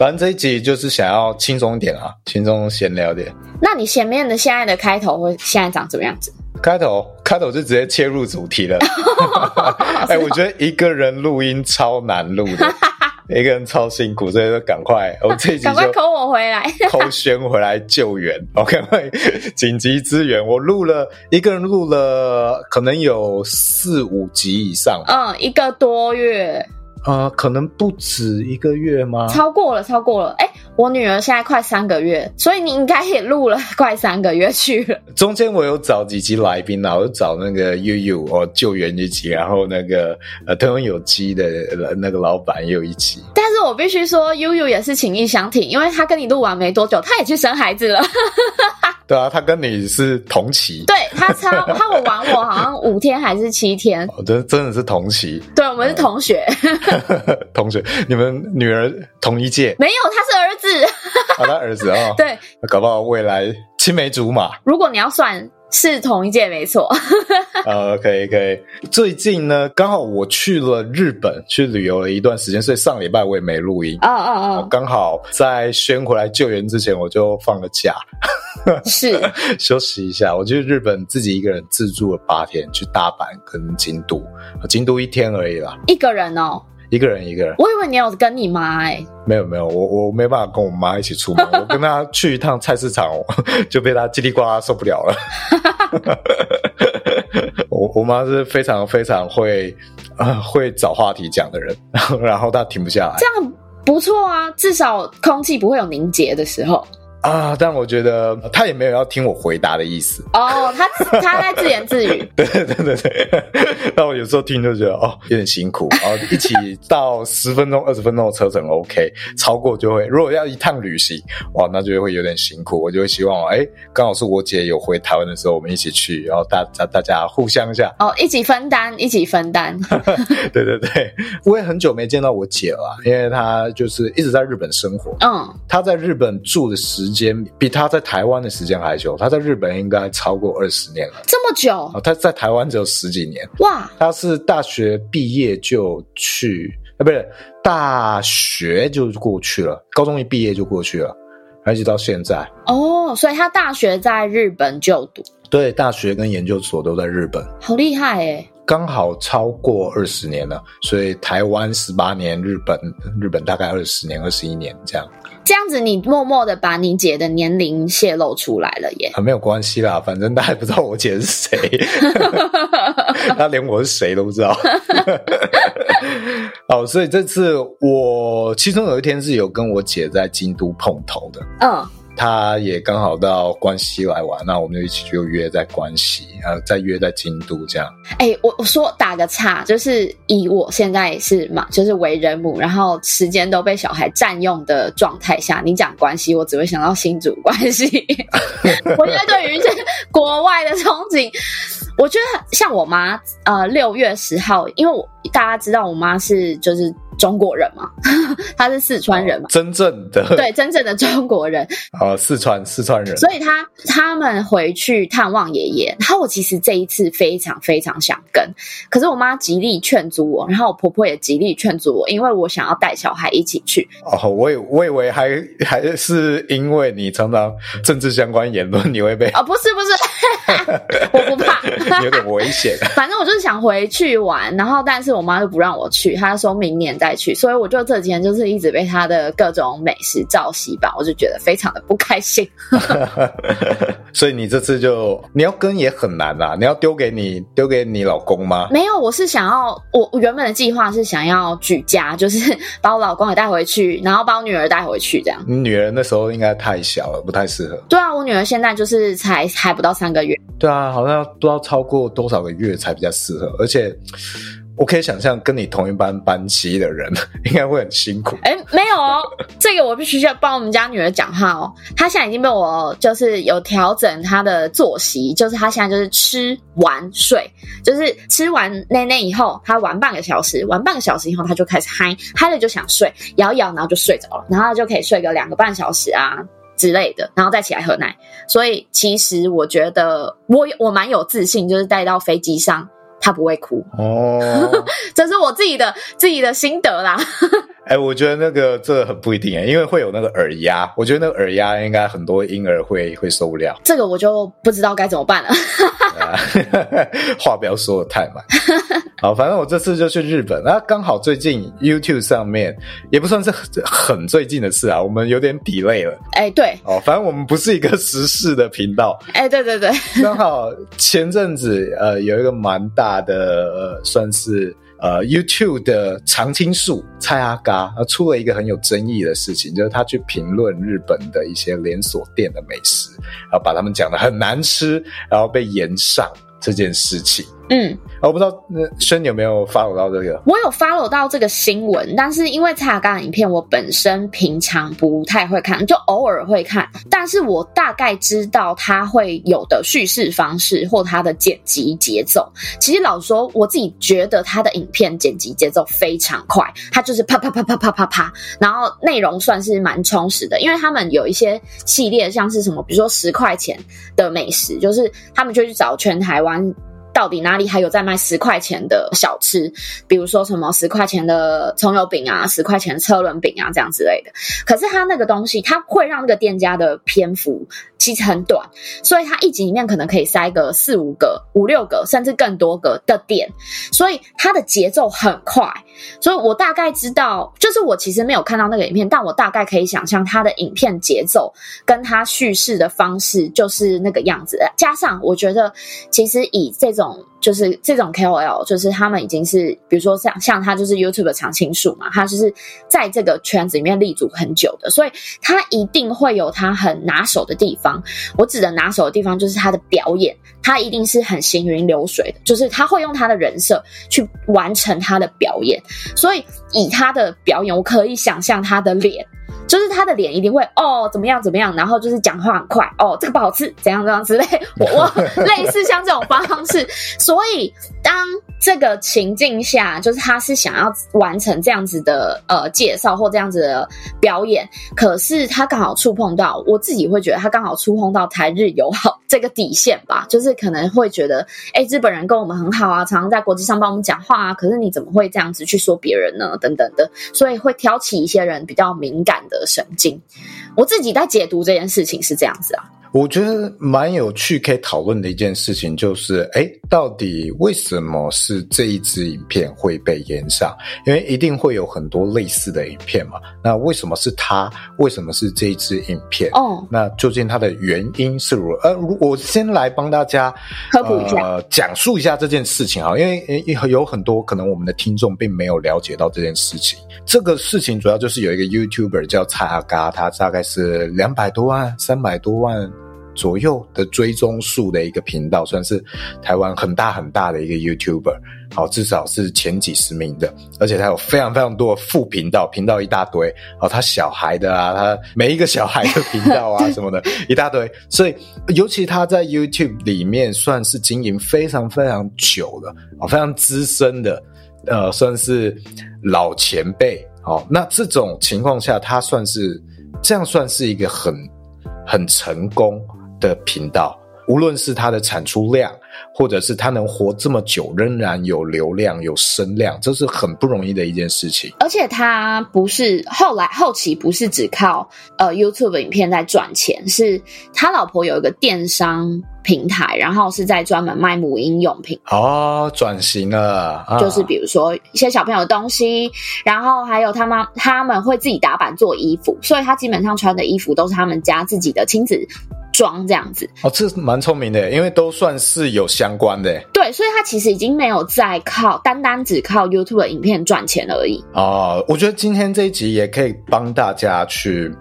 反正這一集就是想要輕鬆一點啊，輕鬆閒聊一點。那你前面的現在的開頭會現在長什麼樣子？開頭，開頭就直接切入主題了。哎，我覺得一個人錄音超難錄的， 一個人超辛苦，所以就趕快， 我這一集就。 趕快摳我回來，摳 軒回來救援。OK，緊 急支援。我錄了一個人，錄了可能有四五集以上，嗯，一個多月。呃，可能不止一個月嗎？超過了，超過了，哎、欸。我女兒現在快三個月，所以你應該也錄了快三個月去了。中間我有找幾集來賓，然後有找那個悠悠，哦，救援一集，然後那個呃，台灣有機的那個老闆也有一集。但是我必須說，悠悠也是情意相挺，因為他跟你錄完沒多久，他也去生孩子了。 對啊，他跟你是同期。 對，他差他晚我好像五天還是七天，真、哦、真的是同期。對，我們是同學， 同學，你們女兒同一屆？沒有，他是兒子。好的、 啊、兒子啊，哦、對，搞不好未來青梅竹馬。如果你要算，是同一屆沒錯。 呃，可以可以。最近呢，剛好我去了日本去旅遊了一段時間，所以上禮拜我也沒錄音。哦哦哦，剛好在宣回來救援之前，我就放了假，是 休息一下。我去日本自己一個人自助了八天，去大阪跟京都，京都一天而已啦。一個人哦。一個人一個人，我以為你要跟你媽哎、欸，沒有沒有，我我沒辦法跟我媽一起出門， 我跟她去一趟菜市場，就被她嘰里呱啦受不了了。 我我媽是非常非常會啊、呃、會找話題講的人，然後然後她停不下來。這樣不錯啊，至少空氣不會有凝結的時候。啊，但我覺得他也沒有要聽我回答的意思哦。他他在自言自語。對對對對，那我有時候聽就覺得哦，有點辛苦。然後一起到十分鐘、二十 分鐘的車程 OK，超過就會。如果要一趟旅行哇、哦，那就會有點辛苦。我就會希望，哎，剛好是我姐有回台灣的時候，我們一起去，然後大家大家互相一下哦，一起分擔，一起分擔。 對對對，我也很久沒見到我姐了啦，因為她就是一直在日本生活。嗯，她在日本住的時。時間比他在台灣的時間還久，他在日本應該超過二十年了。這麼久？他在台灣只有十幾年。哇！他是大學畢業就去，啊，不是，大學就過去了，高中一畢業就過去了，而且到現在。哦，所以他大學在日本就讀。對，大學跟研究所都在日本。好厲害哎！剛好超過二十年了，所以台灣十八年，日本日本大概二十年，二十一年這樣。這樣子，你默默的把你姐的年齡泄露出來了耶。啊，沒有關係啦，反正大家還不知道我姐是誰，他連我是誰都不知道。 好，所以這次我其中有一天是有跟我姐在京都碰頭的。嗯。他也剛好到關西來玩，那我們就一起就約在關西，然、啊、後再約在京都這樣。哎、欸，我我說打個岔，就是以我現在是嘛，就是為人母，然後時間都被小孩占用的狀態下，你講關西，我只會想到新竹關西。 我現在對於一些國外的憧憬，我覺得像我媽，呃，六月十號，因為我大家知道我媽是就是。中國人嘛， 他是四川人嘛、哦，真正的對，真正的中國人啊、哦，四川四川人，所以他他們回去探望爺爺。然後我其實這一次非常非常想跟，可是我媽極力勸阻我，然後我婆婆也極力勸阻我，因為我想要帶小孩一起去。哦，我我以為還還是因為你常常政治相關言論你會被啊、哦，不是不是， 我不怕，你有點危險。 反正我就是想回去玩，然後但是我媽就不讓我去，她說明年再。去，所以我就這幾天就是一直被他的各種美食照洗版，我就覺得非常的不開心。 所以你這次就你要跟也很難啦、啊，你要丟給你丟給你老公嗎？沒有，我是想要我原本的計劃是想要舉家，就是把我老公也帶回去，然後把我女兒帶回去，這樣。你女兒那時候應該太小了，不太適合。對啊，我女兒現在就是才還不到三個月。對啊，好像都要超過多少個月才比較適合，而且。我可以想象跟你同一班班機的人應該會很辛苦。哎、欸，沒有哦， 這個我必須要幫我們家女兒講話哦。她現在已經被我就是有調整她的作息，就是她現在就是吃玩睡，就是吃完奶奶以後，她玩半個小時，玩半個小時以後，她就開始嗨嗨了，就想睡，搖搖然後就睡着了，然後她就可以睡個兩個半小時啊之類的，然後再起來喝奶。所以其實我覺得我我蠻有自信，就是帶到飛機上。他不會哭哦， 這是我自己的自己的心得啦。哎，我覺得那個這個很不一定哎、欸，因為會有那個耳壓，我覺得那個耳壓應該很多嬰兒會會受不了。這個我就不知道該怎麼辦了。 話不要說的太滿。好、 哦，反正我這次就去日本啊，剛好最近 YouTube 上面也不算是很，很最近的事啊，我們有點 delay 了。哎、欸，對，哦，反正我們不是一個時事的頻道。哎、欸，對對對，剛好前陣子呃有一個蠻大的呃算是。呃、uh，YouTube 的常青樹蔡阿嘎，他出了一個很有爭議的事情，就是他去評論日本的一些連鎖店的美食，然後把他們講得很難吃，然後被炎上這件事情。嗯、哦，我不知道宣、呃、你有沒有 follow 到這個。我有 follow 到這個新聞，但是因為查康影片，我本身平常不太會看，就偶爾會看。但是我大概知道他會有的敘事方式或他的剪輯節奏。其實老實說，我自己覺得他的影片剪輯節奏非常快，他就是啪啪啪啪啪啪啪，啪，然後內容算是蠻充實的，因為他們有一些系列，像是什麼，比如說十塊錢的美食，就是他們就去找全台灣。到底哪裡還有在賣十塊錢的小吃？比如說什麼十塊錢的蔥油餅啊，十塊錢的車輪餅啊，這樣之類的。可是它那個東西，它會讓那個店家的篇幅。其實很短，所以它一集裡面可能可以塞個四五個、五六個，甚至更多個的點，所以它的節奏很快。所以我大概知道，就是我其實沒有看到那個影片，但我大概可以想象它的影片節奏跟它敘事的方式就是那個樣子。加上我覺得，其實以這種就是這種 KOL，就是他們已經是，比如說像像他就是 YouTube 的常青樹嘛，他就是在這個圈子裡面立足很久的，所以他一定會有他很拿手的地方。我指的拿手的地方就是他的表演，他一定是很行雲流水的，就是他會用他的人設去完成他的表演，所以以他的表演，我可以想象他的臉。就是他的臉一定會哦怎麼樣怎麼樣，然後就是講話很快哦這個不好吃怎樣怎樣之類，我，我類似像這種方式， 所以當這個情境下，就是他是想要完成這樣子的呃介紹或這樣子的表演，可是他剛好觸碰到我自己會覺得他剛好觸碰到台日友好這個底線吧，就是可能會覺得哎日本人跟我們很好啊，常常在國際上幫我們講話啊，可是你怎麼會這樣子去說別人呢？等等的，所以會挑起一些人比較敏感。的神經，我自己在解讀這件事情是這樣子啊。我覺得蠻有趣可以討論的一件事情就是，誒、欸、到底為什麼是這一支影片會被炎上？因為一定會有很多類似的影片嘛。那為什麼是它？為什麼是這一支影片？哦，oh. 那究竟它的原因是如何……呃，我先來幫大家呃，講述一下這件事情啊，因為有很多可能我們的聽眾並沒有了解到這件事情。這個事情主要就是有一個 YouTuber 叫蔡阿嘎，他大概是兩百多萬、三百多萬。左右的追蹤數的一個頻道，算是台灣很大很大的一個 YouTuber，好、哦，至少是前幾十名的，而且他有非常非常多的副頻道，頻道一大堆，好、哦，他小孩的啊，他每一個小孩的頻道啊什麼的， 對 一大堆，所以尤其他在 YouTube 裡面算是經營非常非常久了，啊、哦，非常資深的，呃，算是老前輩，好、哦，那這種情況下，他算是這樣算是一個很很成功。的頻道，無論是它的產出量，或者是他能活這麼久仍然有流量、有聲量，這是很不容易的一件事情。而且他不是後來後期不是只靠呃 YouTube 影片在賺錢，是他老婆有一個電商平台，然後是在專門賣母嬰用品哦，轉型了，啊、就是比如說一些小朋友的東西，然後還有他媽他們會自己打版做衣服，所以他基本上穿的衣服都是他們家自己的親子。裝這樣子哦，這蠻聰明的，因為都算是有相關的。對，所以他其實已經沒有在靠單單只靠 YouTube 的影片賺錢而已。哦、呃，我覺得今天這一集也可以幫大家去。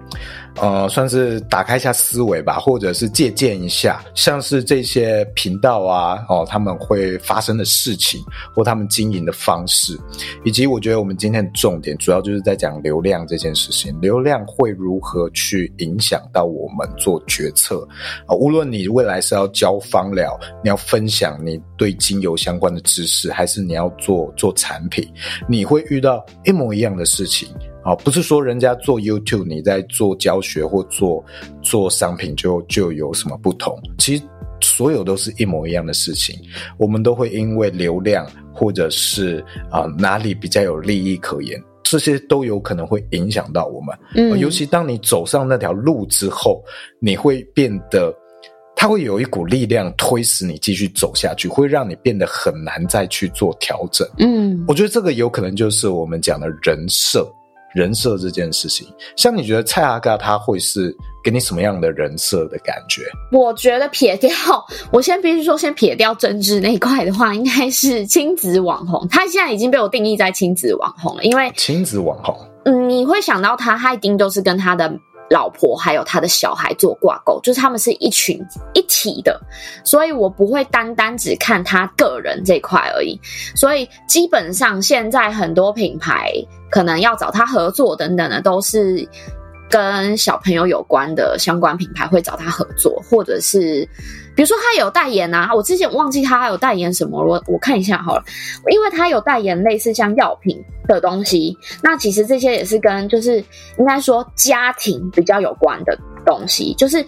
呃，算是打開一下思維吧，或者是借鑑一下，像是這些頻道啊，哦，他們會發生的事情，或他們經營的方式，以及我覺得我們今天的重點，主要就是在講流量這件事情。流量會如何去影響到我們做決策啊、哦，無論你未來是要教芳療，你要分享你對精油相關的知識，還是你要做做產品，你會遇到一模一樣的事情。啊，不是說人家做 YouTube，你在做教學或做做商品就就有什麼不同？其實所有都是一模一樣的事情，我們都會因為流量或者是啊，哪裡比較有利益可言，這些都有可能會影響到我們。嗯，尤其當你走上那條路之後，你會變得，它會有一股力量推使你繼續走下去，會讓你變得很難再去做調整。嗯，我覺得這個有可能就是我們講的人設。人設這件事情，像你覺得蔡阿嘎他會是給你什麼樣的人設的感覺？我覺得撇掉，我先必須說先撇掉政治那一塊的話，應該是親子網紅。他現在已經被我定義在親子網紅了，因為親子網紅，嗯，你會想到他，他一定都是跟他的老婆還有他的小孩做掛鈎，就是他們是一群一體的，所以我不會單單只看他個人這塊而已。所以基本上現在很多品牌。可能要找他合作等等的，都是跟小朋友有關的相關品牌會找他合作，或者是比如說他有代言啊，我之前忘記他有代言什麼，我我看一下好了，因為他有代言類似像藥品的東西，那其實這些也是跟就是應該說家庭比較有關的東西。就是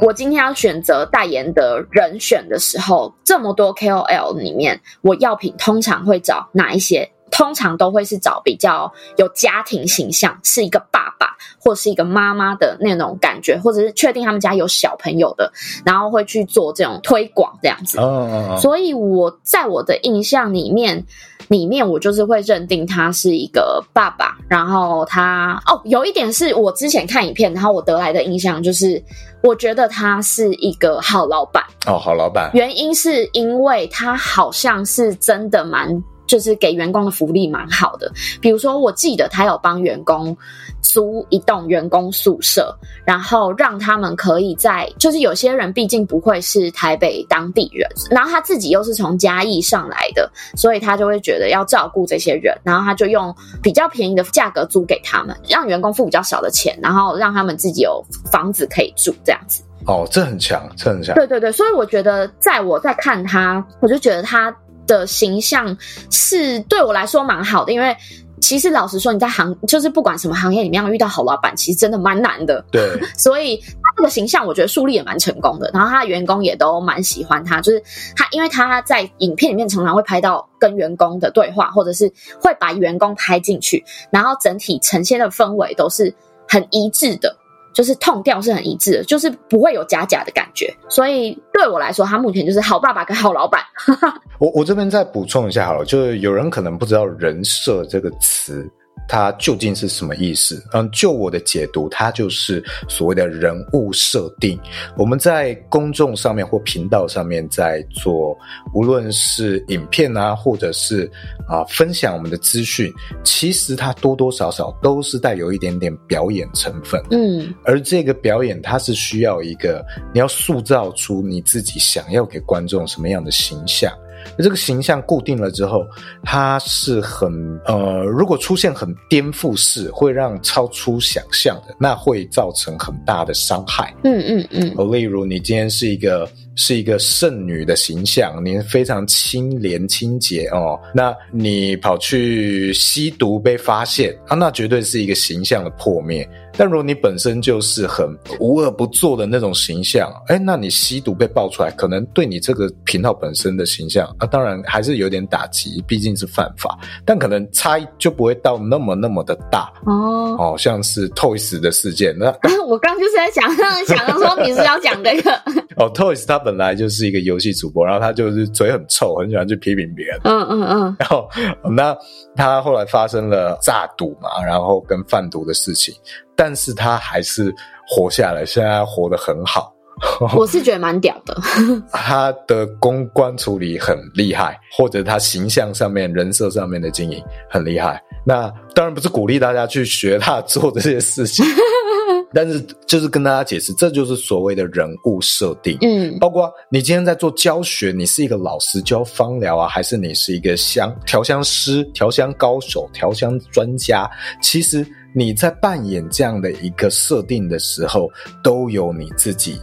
我今天要選擇代言的人選的時候，這麼多 KOL 裡面，我藥品通常會找哪一些？通常都會是找比較有家庭形象，是一個爸爸或是一個媽媽的那種感覺，或者是確定他們家有小朋友的，然後會去做這種推廣這樣子。哦哦哦。所以我在我的印象裡面，裡面我就是會認定他是一個爸爸。然後他哦，有一點是我之前看影片，然後我得來的印象就是，我覺得他是一個好老闆哦，好老闆。原因是因為他好像是真的蠻。就是給員工的福利蠻好的，比如說我記得他有幫員工租一棟員工宿舍，然後讓他們可以在，就是有些人畢竟不會是台北當地人，然後他自己又是從嘉義上來的，所以他就會覺得要照顧這些人，然後他就用比較便宜的價格租給他們，讓員工付比較少的錢，然後讓他們自己有房子可以住，這樣子。哦，這很強，這很強。對對對，所以我覺得在我在看他，我就覺得他。的形象是對我來說蠻好的，因為其實老實說，你在行就是不管什麼行業裡面要遇到好老闆，其實真的蠻難的。對， 所以他這個形象我覺得樹立也蠻成功的，然後他的員工也都蠻喜歡他，就是他因為他在影片裡面常常會拍到跟員工的對話，或者是會把員工拍進去，然後整體呈現的氛圍都是很一致的。就是 tone 調是很一致的，就是不會有假假的感覺，所以對我來說，他目前就是好爸爸跟好老闆 。我我這邊再補充一下好了，就是有人可能不知道“人設”這個詞。它究竟是什麼意思？嗯，就我的解讀，它就是所謂的人物設定。我們在公眾上面或頻道上面在做，無論是影片啊，或者是啊，呃，分享我們的資訊，其實它多多少少都是帶有一點點表演成分的。嗯，而這個表演，它是需要一個，你要塑造出你自己想要給觀眾什麼樣的形象。這個形象固定了之後，它是很呃，如果出現很顛覆式，會讓超出想象的，那會造成很大的傷害。嗯嗯嗯。嗯嗯例如你今天是一個是一個聖女的形象，你非常清廉清潔哦，那你跑去吸毒被發現啊、哦，那絕對是一個形象的破滅。但如果你本身就是很無惡不作的那種形象，誒、欸、那你吸毒被爆出來，可能對你這個頻道本身的形象啊，當然還是有點打擊，畢竟是犯法。但可能差異就不會到那麼那麼的大哦，哦，像是 Toys 的事件。那、啊、我剛，剛就是在想， 想到說你是要講這個 哦，Toys 他本來就是一個遊戲主播，然後他就是嘴很臭，很喜歡去批評別人。嗯嗯嗯。嗯嗯然後那他後來發生了詐賭嘛，然後跟販毒的事情。但是他還是活下來，現在活得很好。 我是覺得蠻屌的。 他的公關處理很厲害，或者他形象上面，人設上面的經營很厲害。那當然不是鼓勵大家去學他做這些事情， 但是就是跟大家解釋，這就是所謂的人物設定。嗯，包括你今天在做教學，你是一個老師教芳療啊，還是你是一個香調香師、調香高手、調香專家？其實。你在扮演這樣的一個設定的時候，都有你自己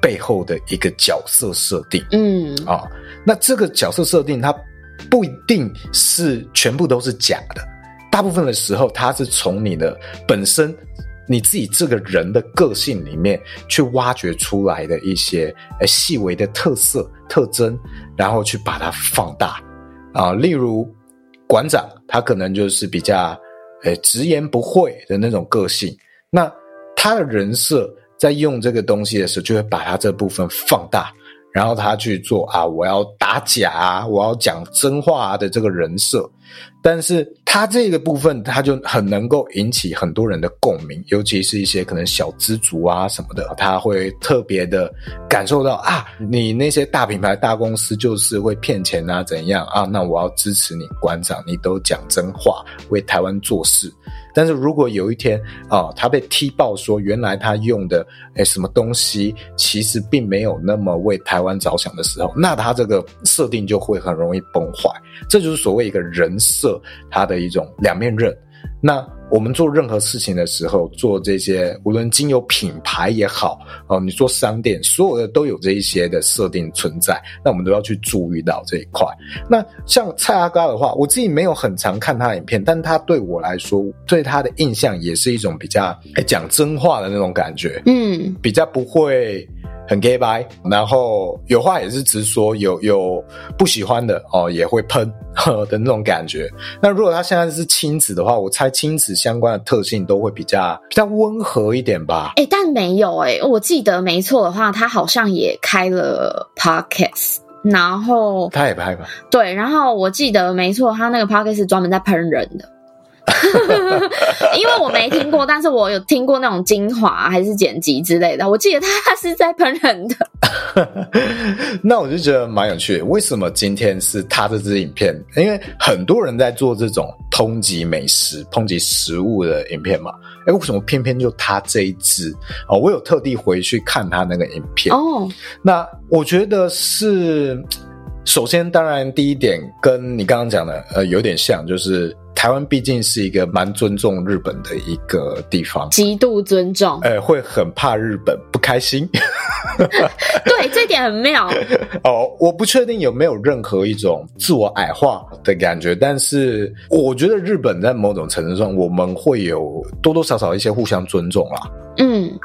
背後的一個角色設定。嗯啊，那這個角色設定它不一定是全部都是假的，大部分的時候它是從你的本身你自己這個人的個性裡面去挖掘出來的一些呃細微的特色特徵，然後去把它放大。啊，例如館長，他可能就是比較。哎，直言不諱的那種個性，那他的人設在用這個東西的時候，就會把他這部分放大。然後他去做啊，我要打假啊，我要講真話啊的這個人設，但是他這個部分他就很能夠引起很多人的共鳴，尤其是一些可能小資族啊什麼的，他會特別的感受到啊，你那些大品牌大公司就是會騙錢啊，怎樣啊？那我要支持你館長，你都講真話，為台灣做事。但是如果有一天啊，他被踢爆說原來他用的誒、欸、什麼東西，其實並沒有那麼為台灣着想的時候，那他這個設定就會很容易崩壞。這就是所謂一個人設，他的一種兩面刃。那。我們做任何事情的時候，做這些無論精油品牌也好，哦，你做商店，所有的都有這一些的設定存在，那我們都要去注意到這一塊。那像蔡阿嘎的話，我自己沒有很常看他的影片，但他對我來說，對他的印象也是一種比較愛講真話的那種感覺，嗯，比較不會。很 gay 吧，然後有話也是直說，有有不喜歡的哦，也會噴的那種感覺。那如果他現在是親子的話，我猜親子相關的特性都會比較比較溫和一點吧。哎、欸，但沒有哎、欸，我記得沒錯的話，他好像也開了 podcast，然後他也拍吧？對，然後我記得沒錯，他那個 podcast 是專門在噴人的。 因為我沒聽過，但是我有聽過那種精華還是剪輯之類的。我記得他是在噴人的， 那我就覺得蠻有趣的。為什麼今天是他這支影片？因為很多人在做這種抨擊美食、抨擊食物的影片嘛。哎、欸，為什麼偏偏就他這一支、哦、我有特地回去看他那個影片哦。Oh. 那我覺得是，首先當然第一點跟你剛剛講的呃有點像，就是。台灣畢竟是一個蠻尊重日本的一個地方，極度尊重。欸，會很怕日本不開心。 對，這點很妙。哦，我不確定有沒有任何一種自我矮化的感覺，但是我覺得日本在某種程度上，我們會有多多少少一些互相尊重啦、啊。嗯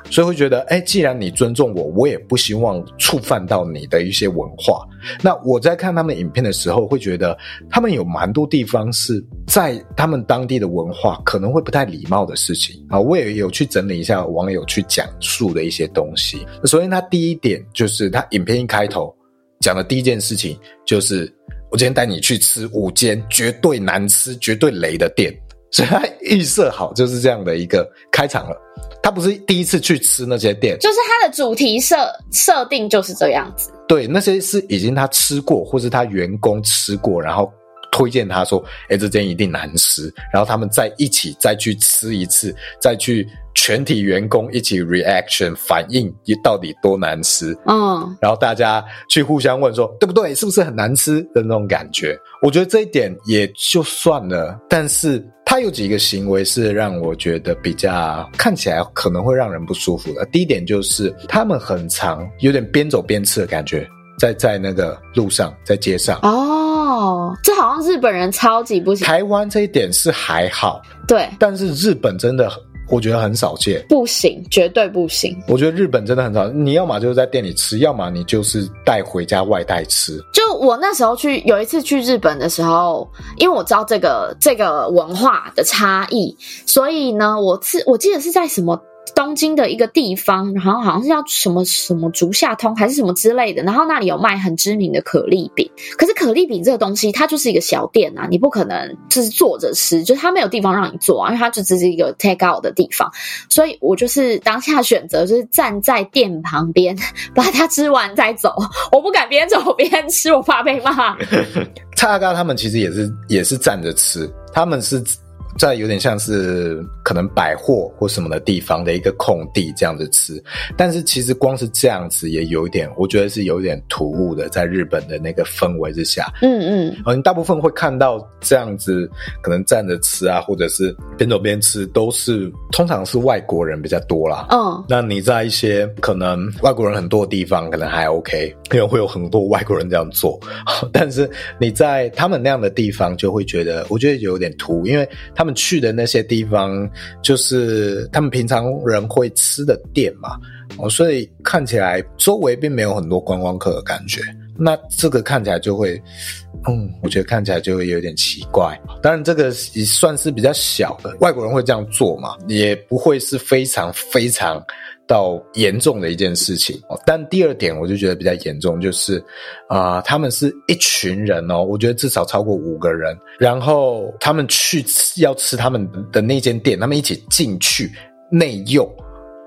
所以會覺得，哎、欸，既然你尊重我，我也不希望觸犯到你的一些文化。那我在看他們影片的時候，會覺得他們有蠻多地方是在他們當地的文化可能會不太禮貌的事情啊。我也有去整理一下網友去講述的一些東西。那首先，他第一點就是他影片一開頭講的第一件事情就是，我今天帶你去吃五間絕對難吃、絕對雷的店，所以他預設好就是這樣的一個開場了。他不是第一次去吃那些店，就是他的主題設設定就是這樣子。對，那些是已經他吃過，或是他員工吃過，然後。推薦他說：“哎、欸，這間一定難吃。”然後他們再一起再去吃一次，再去全體員工一起 reaction 反應，到底多難吃？嗯，然後大家去互相問說對不對，是不是很難吃的那種感覺？我覺得這一點也就算了。但是他有幾個行為是讓我覺得比較看起來可能會讓人不舒服的。第一點就是他們很常，有點邊走邊吃的感覺，在在那個路上，在街上哦。哦，這好像日本人超級不行。台灣這一點是還好，對，但是日本真的，我覺得很少見，不行，絕對不行。我覺得日本真的很少，你要麼就是在店裡吃，要麼你就是帶回家外帶吃。就我那時候去有一次去日本的時候，因為我知道這個這個文化的差異，所以呢，我吃我記得是在什麼。東京的一個地方，然後好像是叫什麼什麼竹下通還是什麼之類的，然後那裡有賣很知名的可麗餅。可是可麗餅這個東西，它就是一個小店啊，你不可能就是坐着吃，就是它沒有地方讓你坐啊，因為它就只是一個 take out 的地方。所以，我就是當下選擇就是站在店旁邊把它吃完再走。我不敢邊走邊吃，我怕被罵。叉燒 他們其實也是也是站着吃，他們是。在有點像是可能百貨或什麼的地方的一個空地這樣子吃，但是其實光是這樣子也有一點，我覺得是有一點突兀的，在日本的那個氛圍之下，嗯嗯，啊，你大部分會看到這樣子，可能站着吃啊，或者是邊走邊吃，都是通常是外國人比較多啦，嗯，那你在一些可能外國人很多的地方，可能還 OK，因為會有很多外國人這樣做，但是你在他們那樣的地方，就會覺得我覺得有點突兀，因為他們。他們去的那些地方，就是他們平常人會吃的店嘛，哦，所以看起來周圍並沒有很多觀光客的感覺，那這個看起來就會，嗯，我覺得看起來就會有點奇怪。當然，這個也算是比較小的，外國人會這樣做嘛，也不會是非常非常。到嚴重的一件事情哦，但第二點我就覺得比較嚴重，就是，啊、呃，他們是一群人哦，我覺得至少超過五個人，然後他們去吃要吃他們的那間店，他們一起進去內用，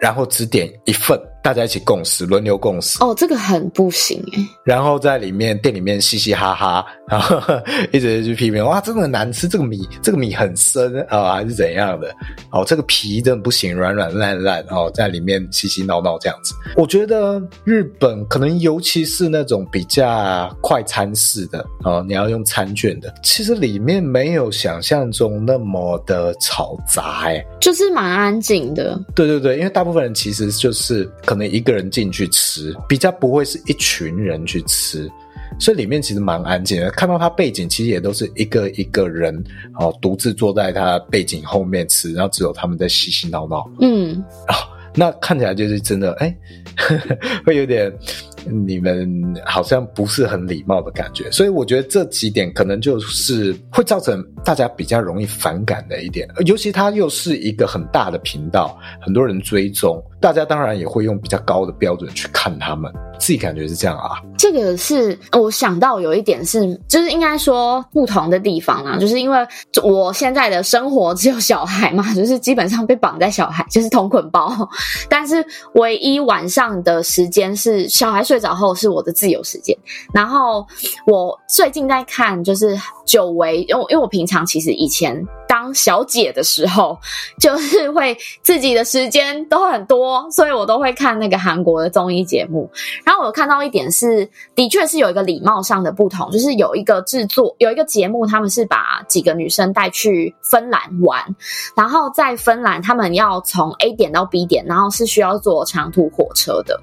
然後只點一份。大家一起共食，輪流共食哦，這個很不行耶。然後在裡面店裡面嘻嘻哈哈，然後呵呵一直去批評，哇，真的難吃，這個米這個米很深，啊，還是怎樣的？哦，這個皮真的不行，軟軟爛，爛爛。哦，在裡面嘻嘻鬧鬧這樣子，我覺得日本可能尤其是那種比較快餐式的哦、啊，你要用餐券的，其實裡面沒有想象中那麼的嘈雜、欸，哎，就是蠻安靜的。對對對，因為大部分人其實就是。可能一個人進去吃，比較不會是一群人去吃，所以裡面其實蠻安靜的。看到他背景，其實也都是一個一個人哦，獨自坐在他背景後面吃，然後只有他們在嬉戲鬧鬧。嗯、哦，那看起來就是真的，哎、欸，會 有點。你們好像不是很禮貌的感覺，所以我覺得這幾點可能就是會造成大家比較容易反感的一點，尤其他又是一個很大的頻道，很多人追蹤，大家當然也會用比較高的標準去看他們，自己感覺是這樣啊。這個是我想到有一點是，就是應該說不同的地方啊，就是因為我現在的生活只有小孩嘛，就是基本上被綁在小孩，就是同捆包，但是唯一晚上的時間是小孩，睡着後是我的自由時間，然後我最近在看，就是久違，因為因為我平常其實以前。當小姐的時候，就是會自己的時間都很多，所以我都會看那個韓國的綜藝節目。然後我有看到一點是，的確是有一個禮貌上的不同，就是有一個制作有一個節目，他們是把幾個女生帶去芬蘭玩，然後在芬蘭他們要從 A 點到 B 點，然後是需要坐長途火車的。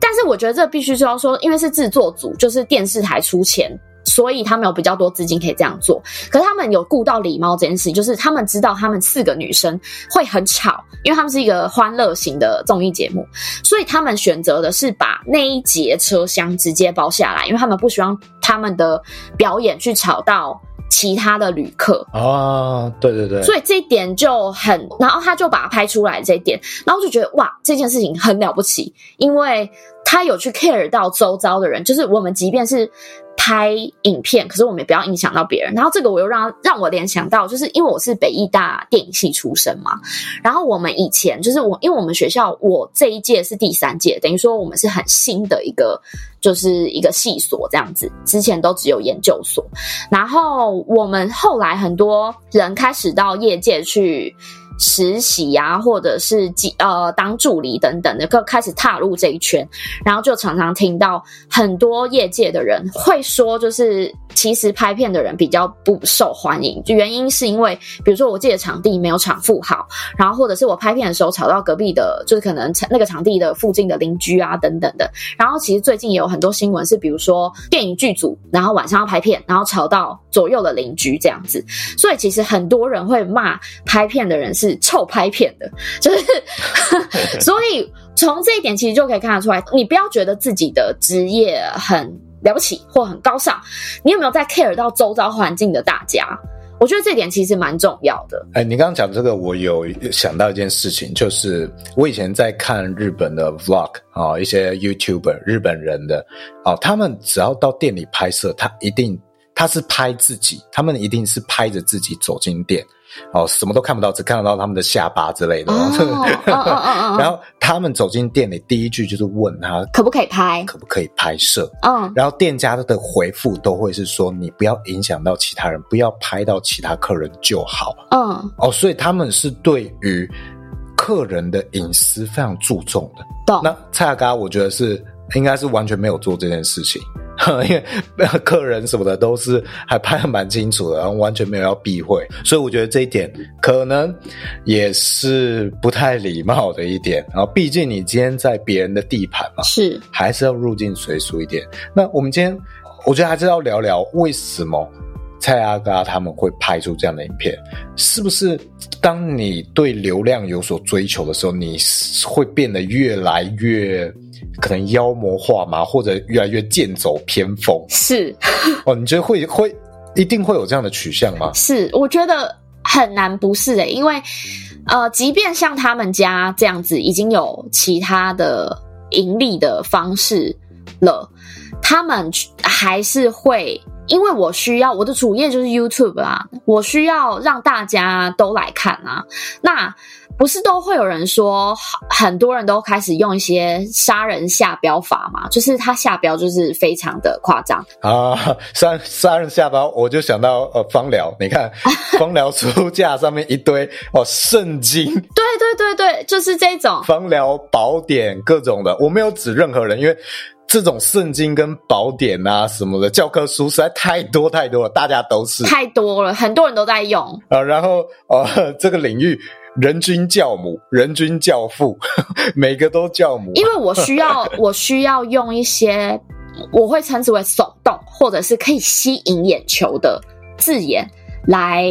但是我覺得這必須就是要說，因為是制作組，就是電視台出錢。所以他們有比較多資金可以這樣做，可是他們有顧到禮貌這件事情，就是他們知道他們四個女生會很吵，因為他們是一個歡樂型的綜藝節目，所以他們選擇的是把那一節車廂直接包下來，因為他們不希望他們的表演去吵到其他的旅客。啊、哦，對對對。所以這一點就很，然後他就把它拍出來這一點，然後我就覺得哇，這件事情很了不起，因為。他有去 care 到周遭的人，就是我們即便是拍影片，可是我們也不要影響到別人。然後這個我又讓讓我聯想到，就是因為我是北藝大電影系出身嘛，然後我們以前就是我，因為我們學校我這一屆是第三屆，等於說我們是很新的一個，就是一個系所這樣子。之前都只有研究所，然後我們後來很多人開始到業界去。實習啊，或者是幾呃當助理等等的，個開始踏入這一圈，然後就常常聽到很多業界的人會說，就是其實拍片的人比較不受歡迎，就原因是因為，比如說我記得場地沒有場復好，然後或者是我拍片的時候吵到隔壁的，就是可能那個場地的附近的鄰居啊等等的，然後其實最近也有很多新聞是，比如說電影劇組，然後晚上要拍片，然後吵到左右的鄰居這樣子，所以其實很多人會罵拍片的人是臭拍片的，就是， 所以從這一點其實就可以看得出來，你不要覺得自己的職業很了不起或很高尚，你有沒有在 care 到周遭環境的大家？我覺得這一點其實蠻重要的。哎、欸，你剛剛講這個，我有想到一件事情，就是我以前在看日本的 vlog 啊、哦，一些 YouTuber 日本人的啊、哦，他們只要到店裡拍攝，他一定。他是拍自己，他們一定是拍着自己走進店，哦，什麼都看不到，只看得到他們的下巴之類的。然後他們走進店裡，第一句就是問他可不可以拍，可不可以拍攝。嗯，然後店家的回覆都會是說，你不要影響到其他人，不要拍到其他客人就好。嗯，哦，所以他們是對於客人的隱私非常注重的。對那蔡阿嘎我覺得是應該是完全沒有做這件事情。因為客人什麼的都是還拍得蠻清楚的，然後完全沒有要避諱，所以我覺得這一點可能也是不太禮貌的一點。然後畢竟你今天在別人的地盤嘛，是還是要入境隨俗一點。那我們今天我覺得還是要聊聊為什麼蔡阿嘎他們會拍出這樣的影片，是不是當你對流量有所追求的時候，你會變得越來越？可能妖魔化嘛，或者越來越劍走偏鋒，是哦？你覺得會會一定會有這樣的取向嗎？ 是，我覺得很難，不是誒、欸，因為呃，即便像他們家這樣子已經有其他的盈利的方式了，他們還是會，因為我需要我的主業就是 YouTube 啦、啊，我需要讓大家都來看啊，那。不是都會有人說，很多人都開始用一些殺人下標法嘛？就是他下標就是非常的誇張啊！殺人殺人下標，我就想到呃，芳療。你看 芳療書架上面一堆哦，聖經，對對對對，就是這種芳療寶典各種的，我沒有指任何人，因為這種聖經跟寶典啊什麼的教科書實在太多太多了，大家都是太多了，很多人都在用啊、呃。然後呃，這個領域。人均教母，人均教父，呵呵每個都教母、啊。因為我需要， 我需要用一些，我會稱之為聳動或者是可以吸引眼球的字眼來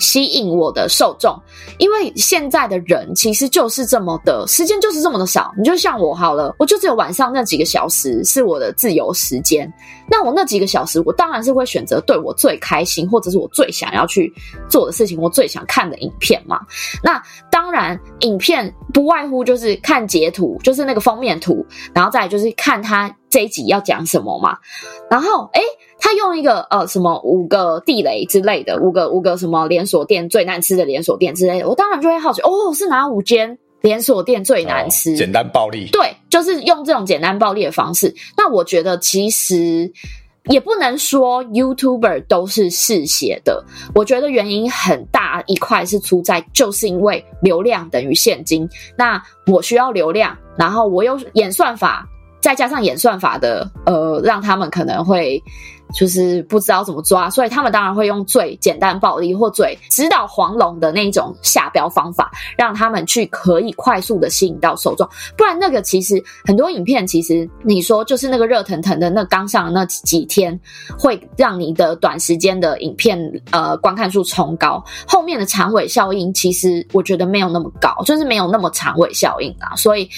吸引我的受眾。因為現在的人其實就是這麼的，時間就是這麼的少。你就像我好了，我就只有晚上那幾個小時是我的自由時間。那我那幾個小時，我當然是會選擇對我最開心或者是我最想要去做的事情，我最想看的影片嘛。那當然，影片不外乎就是看截圖，就是那個封面圖，然後再就是看他這一集要講什麼嘛。然後，誒、欸，他用一個呃什麼五個地雷之類的，五個五個什麼連鎖店最難吃的連鎖店之類的，我當然就會好奇，哦，是哪五間？連鎖店最難吃。哦，簡單暴力。對，就是用這種簡單暴力的方式。那我覺得其實也不能說 YouTuber 都是嗜血的。我覺得原因很大一塊是出在就是因為流量等於現金。那我需要流量，然後我又演算法，再加上演算法的呃，讓他們可能會。就是不知道怎麼抓，所以他們當然會用最簡單暴力或最直搗黃龍的那一種下標方法，讓他們去可以快速的吸引到受眾。不然那個其實很多影片，其實你說就是那個熱騰騰的那剛上那幾天，會讓你的短時間的影片呃觀看數衝高，後面的長尾效應其實我覺得沒有那麼高，就是沒有那麼長尾效應啊。所以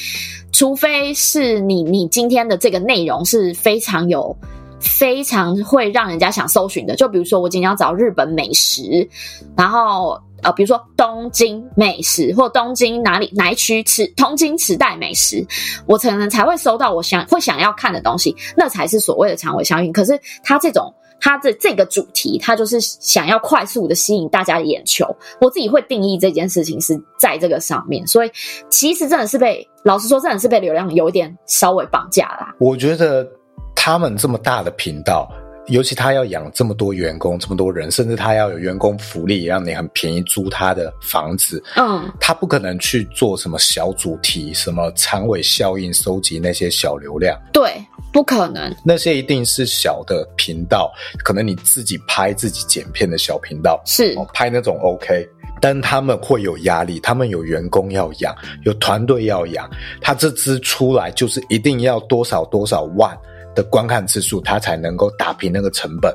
除非是你你今天的這個內容是非常有。非常會讓人家想搜尋的，就比如說我今天要找日本美食，然後呃，比如說東京美食，或東京哪裡哪一區、吃東京池袋美食，我可能才會搜到我想會想要看的東西，那才是所謂的長尾效應。可是他這種，他的這個主題，他就是想要快速的吸引大家的眼球。我自己會定義這件事情是在這個上面，所以其實真的是被，老實說，真的是被流量有一點稍微綁架啦，我覺得。他們這麼大的頻道，尤其他要養這麼多員工，這麼多人，甚至他要有員工福利，讓你很便宜租他的房子。嗯，他不可能去做什麼小主題、什麼長尾效應，收集那些小流量。對，不可能。那些一定是小的頻道，可能你自己拍自己剪片的小頻道。是，哦，拍那種 OK，但他們會有壓力，他們有員工要養，有團隊要養，他這支出來就是一定要多少多少萬。的觀看次數，他才能夠打平那個成本，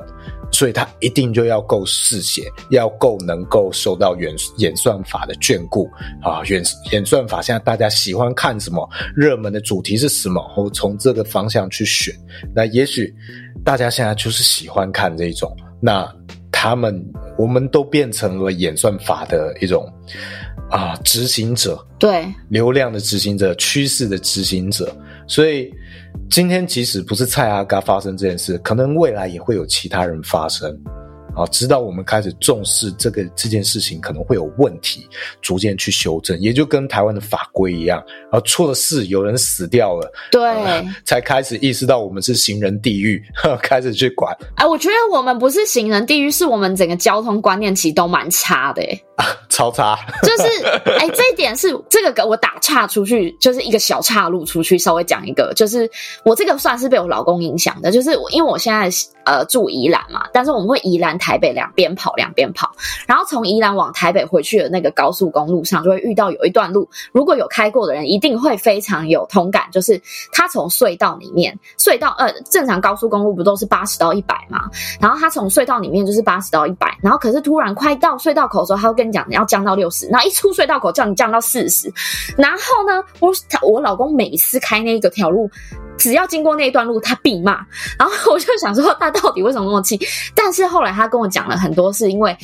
所以他一定就要夠嗜血，要夠能夠受到演演算法的眷顧啊！演演算法現在大家喜歡看什麼，熱門的主題是什麼，我從這個方向去選。那也許大家現在就是喜歡看這一種，那他們我們都變成了演算法的一種啊執行者，對流量的執行者，趨勢的執行者，所以。今天即使不是蔡阿嘎發生這件事，可能未來也會有其他人發生，啊，直到我們開始重視這個這件事情，可能會有問題，逐漸去修正，也就跟台灣的法規一樣，而、啊、錯了事有人死掉了，對、呃，才開始意識到我們是行人地獄，呵，開始去管。哎、欸，我覺得我們不是行人地獄，是我們整個交通觀念其實都蠻差的、欸。啊、超差， 就是哎、欸，這一點是這個給我打岔出去，就是一個小岔路出去，稍微講一個，就是我這個算是被我老公影響的，就是我因為我現在呃住宜蘭嘛，但是我們會宜蘭台北兩邊跑，兩邊跑，然後從宜蘭往台北回去的那個高速公路上，就會遇到有一段路，如果有開過的人，一定會非常有同感，就是他從隧道裡面，隧道呃正常高速公路不都是八十到一百嘛，然後他從隧道裡面就是八十到一百，然後可是突然快到隧道口的時候，他會跟你講你要降到六十，然後一出隧道口叫你降到四十，然後呢，我我老公每次開那一個條路，只要經過那一段路，他必罵。然後我就想說，他到底為什麼那麼氣？但是後來他跟我講了很多事，因為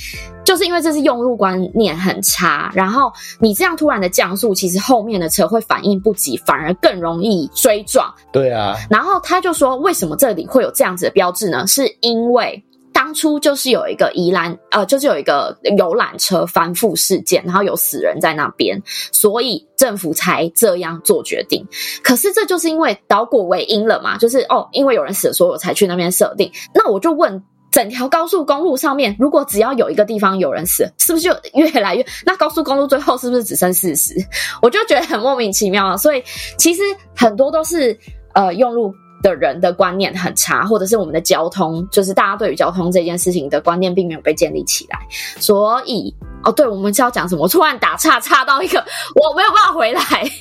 就是因為這是用路觀念很差，然後你這樣突然的降速，其實後面的車會反應不及，反而更容易追撞。對啊。然後他就說，為什麼這裡會有這樣子的標誌呢？是因為。當初就是有一個宜蘭，呃，就是有一個遊覽車翻覆事件，然後有死人在那邊，所以政府才這樣做決定。可是這就是因為導果為因了嘛，就是哦，因為有人死了，所以我才去那邊設定。那我就問，整條高速公路上面，如果只要有一個地方有人死，是不是就越來越？那高速公路最後是不是只剩四十？我就覺得很莫名其妙啊。所以其實很多都是呃用路。的人的觀念很差，或者是我們的交通，就是大家對於交通這件事情的觀念並沒有被建立起來，所以。哦，對，我們是要講什麼？我突然打岔，岔到一個我沒有辦法回來。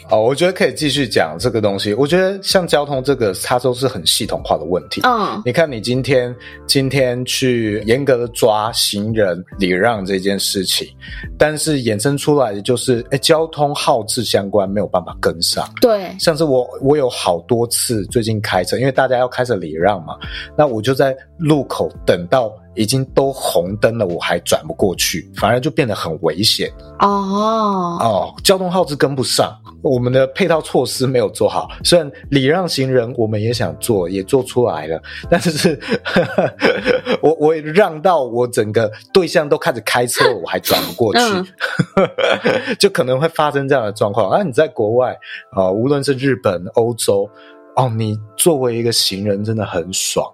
哦，我覺得可以繼續講這個東西。我覺得像交通這個，它都是很系統化的問題。嗯，你看，你今天今天去嚴格的抓行人禮讓這件事情，但是衍生出來的就是，哎、欸，交通號誌相關沒有辦法跟上。對，像是我我有好多次最近開車，因為大家要開始禮讓嘛，那我就在路口等到。已經都紅燈了，我還轉不過去，反而就變得很危險哦、oh. 哦，交通號志跟不上，我們的配套措施沒有做好。雖然禮讓行人，我們也想做，也做出來了，但是， 我我也讓到我整個對象都開始開車了， 我還轉不過去， 就可能會發生這樣的狀況。啊，你在國外啊、哦，無論是日本、歐洲，哦，你作為一個行人，真的很爽。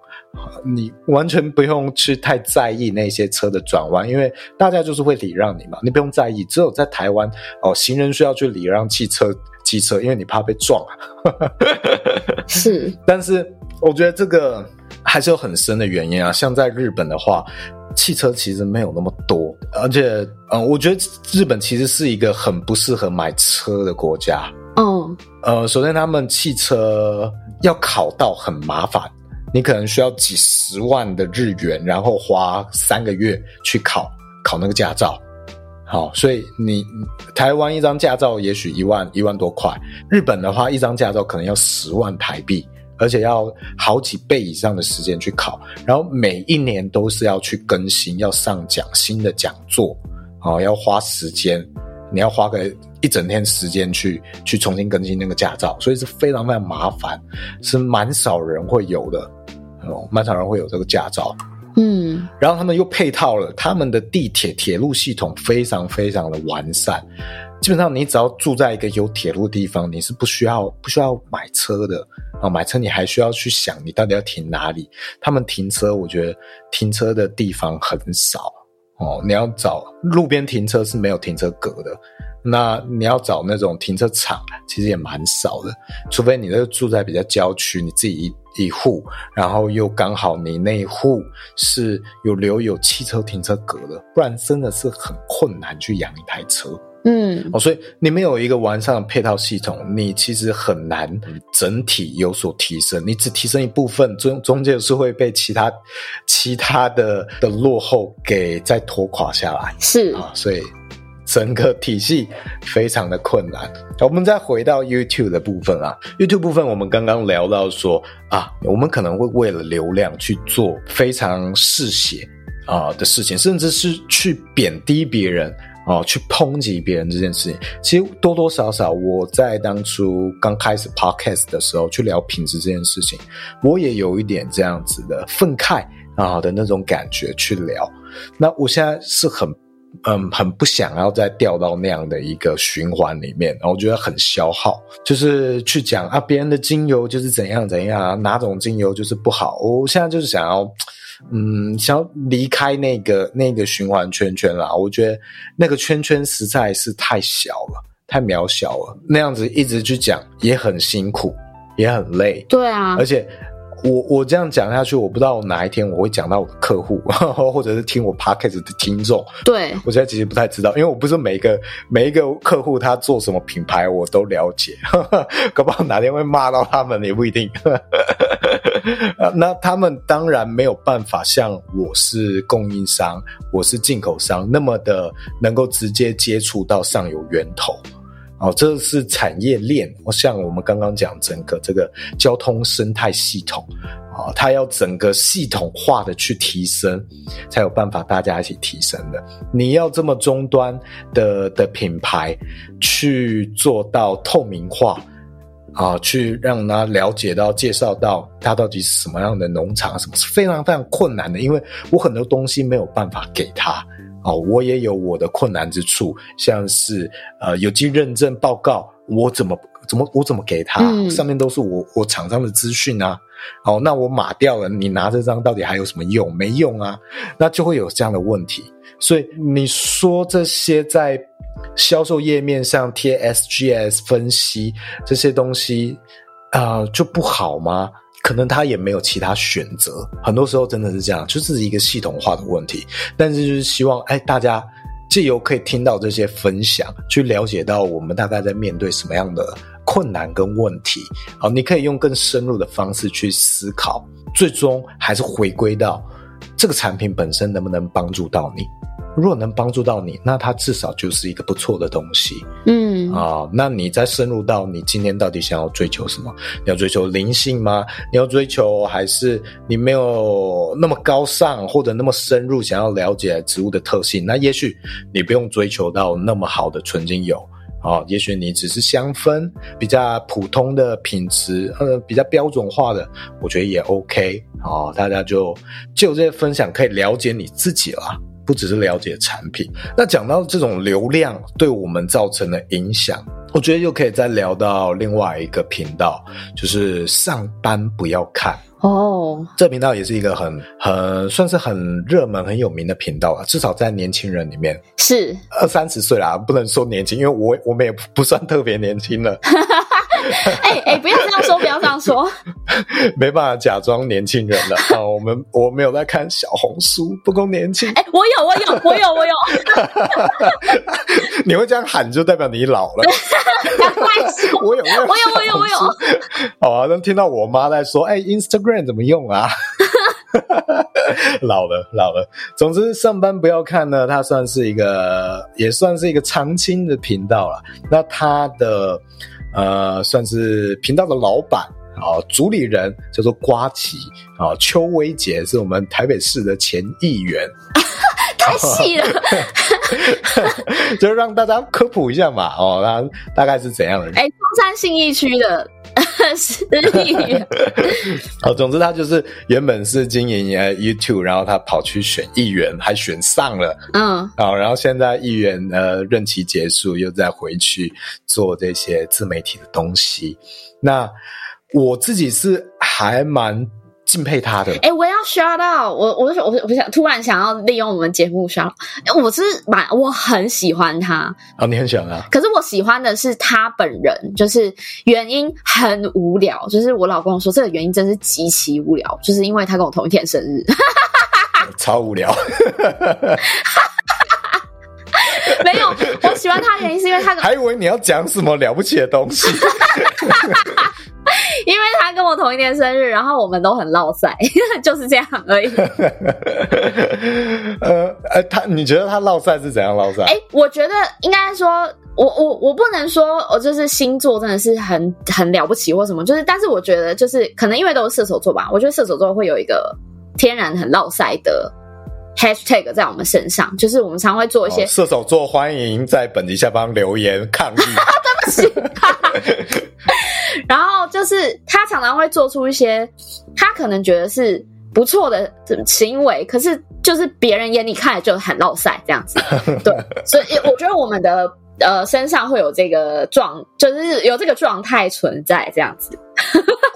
你完全不用去太在意那些車的轉彎，因為大家就是會禮讓你嘛。你不用在意，只有在台灣哦、呃，行人需要去禮讓汽車、機車，因為你怕被撞啊。 是，但是我覺得這個還是有很深的原因啊。像在日本的話，汽車其實沒有那麼多，而且，嗯、呃，我覺得日本其實是一個很不適合買車的國家。嗯，呃，首先他們汽車要考到很麻煩。你可能需要幾十萬的日元，然後花三個月去考考那個駕照。好、哦，所以你台灣一張駕照也許一萬一萬多塊，日本的話一張駕照可能要十萬台幣，而且要好幾倍以上的時間去考，然後每一年都是要去更新，要上講新的講座，哦，要花時間。你要花個一整天時間去去重新更新那個駕照，所以是非常非常麻煩，是蠻少人會有的哦，蠻少人會有這個駕照。嗯，然後他們又配套了，他們的地鐵鐵路系統非常非常的完善，基本上你只要住在一個有鐵路的地方，你是不需要不需要買車的啊，買車你還需要去想你到底要停哪裡。他們停車，我覺得停車的地方很少。哦，你要找路邊停車是沒有停車格的，那你要找那種停車場，其實也蠻少的。除非你這個住在比較郊區，你自己一一戶，然後又剛好你那戶是有留有汽車停車格的，不然真的是很困難去養一台車。嗯，哦，所以你沒有一個完善的配套系統，你其實很難整體有所提升。你只提升一部分，中中間是會被其他、其他的的落後給再拖垮下來。是啊、哦，所以整個體系非常的困難。我們再回到 YouTube 的部分啊，YouTube 部分我們剛剛聊到說啊，我們可能會為了流量去做非常嗜血啊、呃、的事情，甚至是去貶低別人。哦，去抨擊別人這件事情，其實多多少少，我在當初剛開始 podcast 的時候去聊品質這件事情，我也有一點這樣子的憤慨啊、哦、的那種感覺去聊。那我現在是很，嗯，很不想要再掉到那樣的一個循環裡面，然後、哦、我覺得很消耗，就是去講啊別人的精油就是怎樣怎樣啊，哪種精油就是不好。我現在就是想要。嗯，想要離開那個那個循環圈圈啦。我覺得那個圈圈實在是太小了，太渺小了。那樣子一直去講也很辛苦，也很累。對啊。而且我我這樣講下去，我不知道哪一天我會講到我的客戶，或者是聽我 podcast 的聽眾。對，我現在其實不太知道，因為我不是每一個每一個客戶他做什麼品牌我都了解，呵呵，搞不好哪天會罵到他們也不一定。呵呵 那他們當然沒有辦法像我是供應商，我是進口商那麼的能夠直接接觸到上游源頭。哦，這是產業鏈。像我們剛剛講整個這個交通生態系統啊，哦，它要整個系統化的去提升，才有辦法大家一起提升的。你要這麼終端的的品牌去做到透明化。啊，去讓他了解到、介紹到他到底是什麼樣的農場，什麼是非常非常困難的。因為我很多東西沒有辦法給他，哦，我也有我的困難之處，像是呃有機認證報告，我怎麼怎麼我怎麼給他？嗯。上面都是我我廠商的資訊啊，哦，那我碼掉了，你拿這張到底還有什麼用？沒用啊，那就會有這樣的問題。所以你說這些在。銷售頁面上貼 SGS 分析這些東西，啊、呃，就不好嗎？可能他也沒有其他選擇。很多時候真的是這樣，就是一個系統化的問題。但是就是希望，哎、欸，大家借由可以聽到這些分享，去了解到我們大概在面對什麼樣的困難跟問題。好，你可以用更深入的方式去思考，最終還是回歸到這個產品本身能不能幫助到你。如果能幫助到你，那它至少就是一個不錯的東西。嗯啊、哦，那你再深入到你今天到底想要追求什麼？你要追求靈性嗎？你要追求還是你沒有那麼高尚或者那麼深入想要了解植物的特性？那也許你不用追求到那麼好的純精油啊、哦，也許你只是香氛比較普通的品質，呃，比較標準化的，我覺得也 OK 啊、哦。大家就就這些分享可以了解你自己了。不只是了解產品，那講到這種流量對我們造成的影響，我覺得又可以再聊到另外一個頻道，就是上班不要看哦。Oh. 這頻道也是一個很很算是很熱門、很有名的頻道啊，至少在年輕人裡面，是，二三十歲啦，不能說年輕，因為我我們也不算特別年輕了。哎哎，不要這樣說，不要這樣說， 沒辦法假裝年輕人了 啊！我們我沒有在看小紅書，不夠年輕。哎，我有，我有，我有，我有。 你會這樣喊，就代表你老了。我有，我有，我有，我有。好啊，那聽到我媽在說：“哎，Instagram 怎麼用啊？” 老了，老了。總之，上班不要看呢，它算是一個，也算是一個常青的頻道了。那它的。呃，算是頻道的老板啊，哦，主理人叫做瓜奇啊，邱威傑是我們台北市的前議員，太細了，就是讓大家科普一下嘛，哦，大概是怎樣的人？哎、欸，中山信義區的。他是 哦，總之他就是原本是經營呃、uh, YouTube，然後他跑去選議員，還選上了。嗯，好，然後現在議員呃任期結束，又再回去做這些自媒體的東西。那我自己是還蠻敬佩他的。哎我、欸。刷到我，我我我想我突然想要利用我們節目刷，我是蠻我很喜歡他。啊、哦，你很喜歡他？可是我喜歡的是他本人，就是原因很無聊。就是我老公說這個原因真是極其無聊，就是因為他跟我同一天生日， 超無聊。 沒有，我喜歡他的原因是因為他跟還以為你要講什麼了不起的東西。 因為他跟我同一年生日，然後我們都很烙賽，就是這樣而已。 呃，哎、欸，他，你覺得他烙賽是怎樣烙賽？哎、欸，我覺得應該說，我我我不能說，我、哦、就是星座真的是很很了不起或什麼，就是，但是我覺得就是可能因為都是射手座吧，我覺得射手座會有一個天然很烙賽的 hashtag 在我們身上，就是我們常會做一些、哦、射手座歡迎在本集下方留言抗議。 對不起。 但是他常常會做出一些，他可能覺得是不錯的行為，可是就是別人眼裡看來就很落賽這樣子。對，所以我覺得我們的。呃，身上會有這個狀，就是有這個狀態存在，這樣子。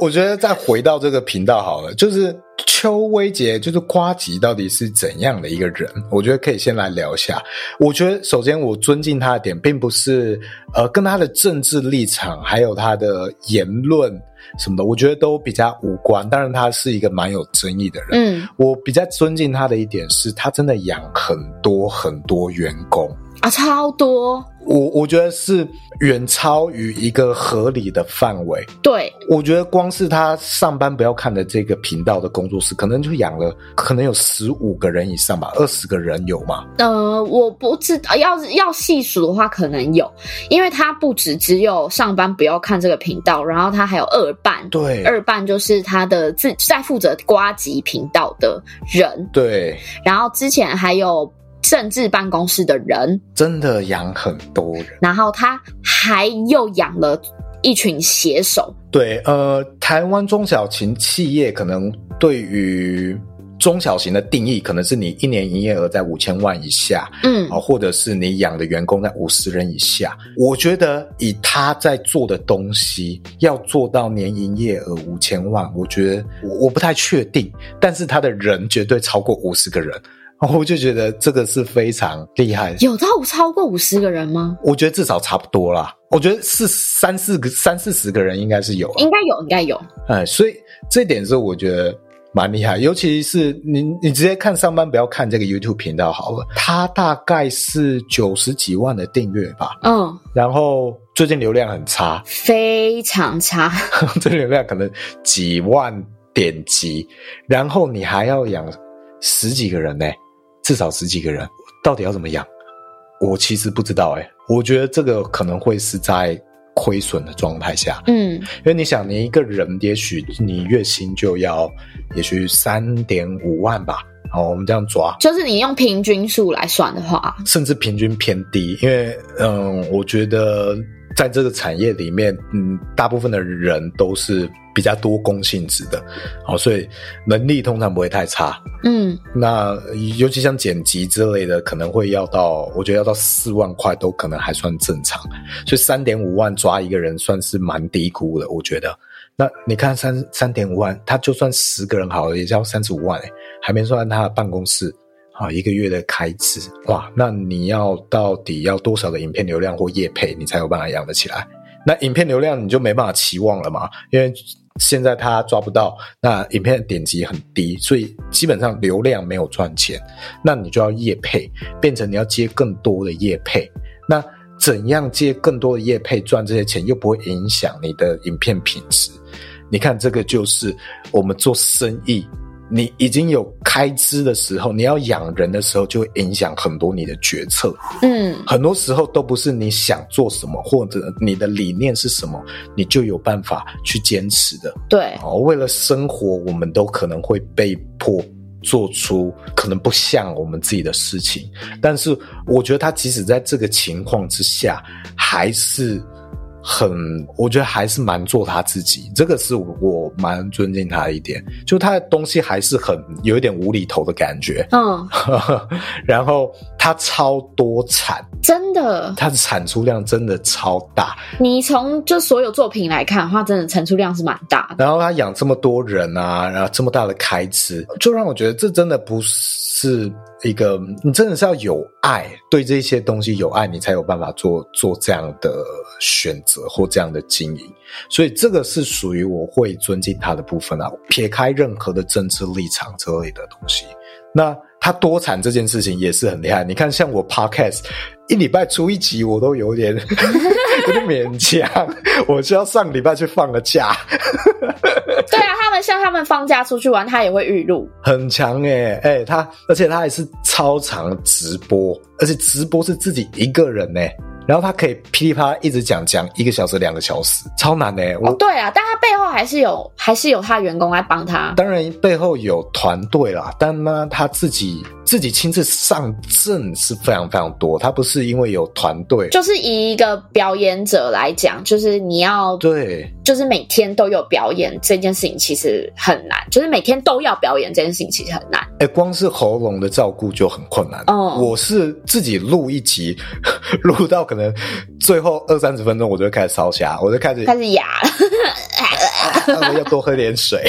我覺得再回到這個頻道好了， 就是邱威杰，就是呱吉到底是怎樣的一個人？我覺得可以先來聊一下。我覺得首先我尊敬他的點，並不是呃跟他的政治立場還有他的言論什麼的，我覺得都比較無關。當然，他是一個蠻有爭議的人。嗯，我比較尊敬他的一點是他真的養很多很多員工。啊，超多！我我覺得是遠超於一個合理的範圍。對，我覺得光是他上班不要看的這個頻道的工作室，可能就養了，可能有十五個人以上吧，二十個人有嗎？呃，我不知道，要是要細數的話，可能有，因為他不止只，只有上班不要看這個頻道，然後他還有二辦。對，二辦就是他的自在負責呱吉頻道的人，對，然後之前還有。甚至辦公室的人真的養很多人，然後他還又養了一群寫手。對，呃，台灣中小型企業可能對於中小型的定義，可能是你一年營業額在五千萬以下，嗯，或者是你養的員工在五十人以下。我覺得以他在做的東西，要做到年營業額五千萬，我覺得我我不太確定，但是他的人絕對超過五十個人。我就覺得這個是非常厲害，有到超過五十個人嗎？我覺得至少差不多啦。我覺得是三四個、三四十個人應該是有、啊，應該有，應該有。哎、嗯，所以這點是我覺得蠻厲害，尤其是你，你直接看上班，不要看這個 YouTube 頻道好了。它大概是九十幾萬的訂閱吧。嗯。然後最近流量很差，非常差，這 流量可能幾萬點擊。然後你還要養十幾個人呢、欸。至少十幾個人，到底要怎麼養？我其實不知道誒、欸、我覺得這個可能會是在虧損的狀態下，嗯，因為你想，你一個人也許你月薪就要，也許三點五萬吧。好，我們這樣抓，就是你用平均數來算的話，甚至平均偏低，因為嗯，我覺得。在這個產業裡面，嗯，大部分的人都是比較多工性質的，哦，所以能力通常不會太差，嗯，那尤其像剪輯之類的，可能會要到，我覺得要到四萬塊都可能還算正常，所以三點五萬抓一個人算是蠻低估的，我覺得。那你看三三點五萬，他就算十個人好了，也要三十五萬，欸，誒，還沒算他的辦公室。啊，一個月的開支哇，那你要到底要多少的影片流量或業配，你才有辦法養得起來？那影片流量你就沒辦法期望了嘛，因為現在他抓不到，那影片的點擊很低，所以基本上流量沒有賺錢，那你就要業配，變成你要接更多的業配。那怎樣接更多的業配賺這些錢，又不會影響你的影片品質？你看這個就是我們做生意。你已經有開支的時候，你要養人的時候，就會影響很多你的決策。嗯，很多時候都不是你想做什麼或者你的理念是什麼，你就有辦法去堅持的。對，哦，為了生活，我們都可能會被迫做出可能不像我們自己的事情。但是，我覺得他即使在這個情況之下，還是。很，我覺得還是蠻做他自己，這個是我蠻尊敬他的一點，就他的東西還是很有一點無厘頭的感覺，嗯， 然後他超多產，真的，他的產出量真的超大，你從就所有作品來看，他真的產出量是蠻大的，然後他養這麼多人啊，然後這麼大的開支，就讓我覺得這真的不是。一個，你真的是要有愛，對這些東西有愛，你才有辦法做做這樣的選擇或這樣的經營。所以這個是屬於我會尊敬他的部分啊，撇開任何的政治立場之類的東西。那。他多產這件事情也是很厲害。你看，像我 podcast 一禮拜出一集，我都有點有點 勉強，我需要上禮拜去放個假。 對啊，他們像他們放假出去玩，他也會預錄，很強耶、欸。誒、欸、他而且他也是超長直播，而且直播是自己一個人呢、欸。然後他可以噼裡啪啦一直講，講一個小時兩個小時，超難的、欸。哦，對啊，但他背後還是有還是有他的員工來幫他。當然背後有團隊啦，但呢他自己自己親自上陣是非常非常多。他不是因為有團隊，就是以一個表演者來講，就是你要，對，就是每天都有表演，這件事情其實很難，就是每天都要表演，這件事情其實很難。哎、欸，光是喉嚨的照顧就很困難。哦、嗯，我是自己錄一集。錄到可能最後二三十分鐘，我就會開始燒蝦，我就開始。開始啞了，要多喝點水。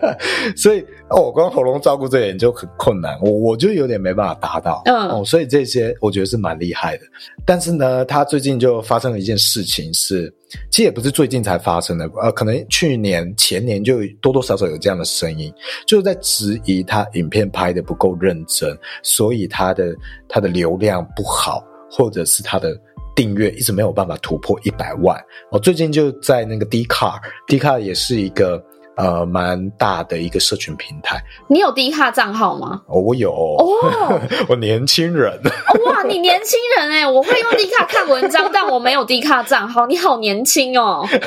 所以，我、哦、光喉嚨照顧這點就很困難，我我就有點沒辦法達到。嗯、哦，所以這些我覺得是蠻厲害的。但是呢，他最近就發生了一件事情是，是其實也不是最近才發生的，呃，可能去年前年就多多少少有這樣的聲音，就是在質疑他影片拍得不夠認真，所以他的他的流量不好。或者是他的訂閱一直沒有辦法突破一百萬，我最近就在那個 D 卡，D 卡也是一個。呃，蠻大的一個社群平台。你有低卡賬號嗎？哦，oh, 我有哦。Oh. 我年輕人。哇，oh, wow, 你年輕人哎、欸，我會用低卡看文章， 但我沒有低卡賬號。你好年輕哦、喔。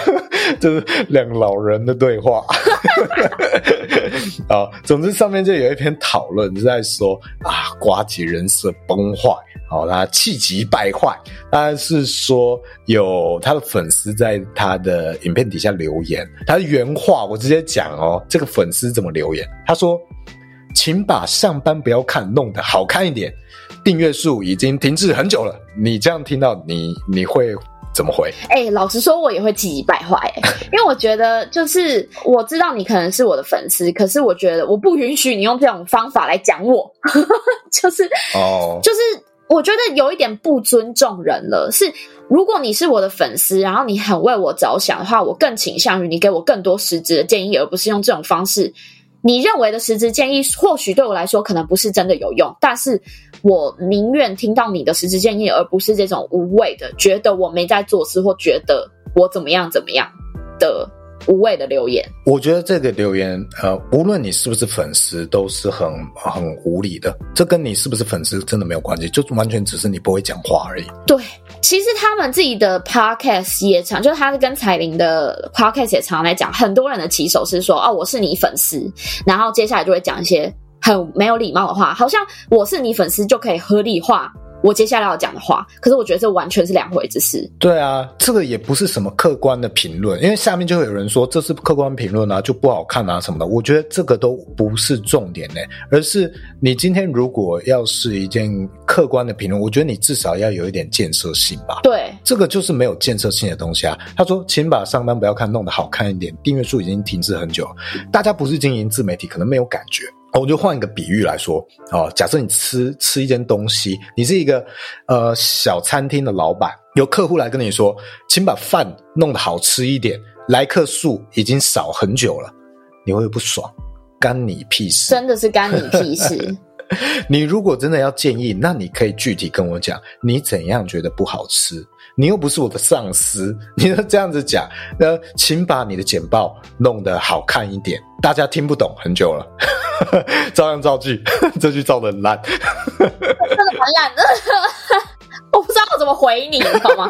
這 是兩老人的對話。啊、 哦，總之上面就有一篇討論是在說啊，瓜姐人設崩壞，好、哦，啦，氣急敗壞，當然是說有他的粉絲在他的影片底下留言，他的原話我直接。講哦，這個粉絲怎麼留言？他說：“請把上班不要看弄得好看一點，訂閱數已經停滯很久了。”你這樣聽到，你你會怎麼回？哎、欸，老實說，我也會氣急敗壞、欸、 因為我覺得就是我知道你可能是我的粉絲，可是我覺得我不允許你用這種方法來講我，就是哦，就是。哦就是我覺得有一點不尊重人了。是，如果你是我的粉絲，然後你很為我着想的話，我更傾向於你給我更多實質的建議，而不是用這種方式。你認為的實質建議，或許對我來說可能不是真的有用，但是我寧願聽到你的實質建議，而不是這種無謂的，覺得我沒在做事或覺得我怎麼樣怎麼樣的。無謂的留言，我覺得這個留言，呃，無論你是不是粉絲，都是很很無理的。這跟你是不是粉絲真的沒有關係，就完全只是你不會講話而已。對，其實他們自己的 podcast 也常，就是他是跟彩玲的 podcast 也常來講，很多人的起手是說，哦，我是你粉絲，然後接下來就會講一些很沒有禮貌的話，好像我是你粉絲就可以合理化。我接下來要講的話，可是我覺得這完全是兩回之事。對啊，這個也不是什麼客觀的評論，因為下面就會有人說這是客觀評論啊，就不好看啊什麼的。我覺得這個都不是重點呢、欸，而是你今天如果要是一件客觀的評論，我覺得你至少要有一點建設性吧。對，這個就是沒有建設性的東西啊。他說，請把上班不要看弄得好看一點，訂閱數已經停止很久，嗯、大家不是經營自媒體，可能沒有感覺。我就換一個比喻來說哦，假設你吃吃一件東西，你是一個呃小餐廳的老闆，有客戶來跟你說，請把飯弄得好吃一點，來客數已經少很久了，你會不，會不爽？幹你屁事！真的是幹你屁事！ 你如果真的要建議，那你可以具體跟我講，你怎樣覺得不好吃？你又不是我的上司，你要這樣子講，那、呃、請把你的簡報弄得好看一點，大家聽不懂很久了，呵呵照樣造句，這句造的很爛，真的很爛，我不知道我怎麼回你，好嗎？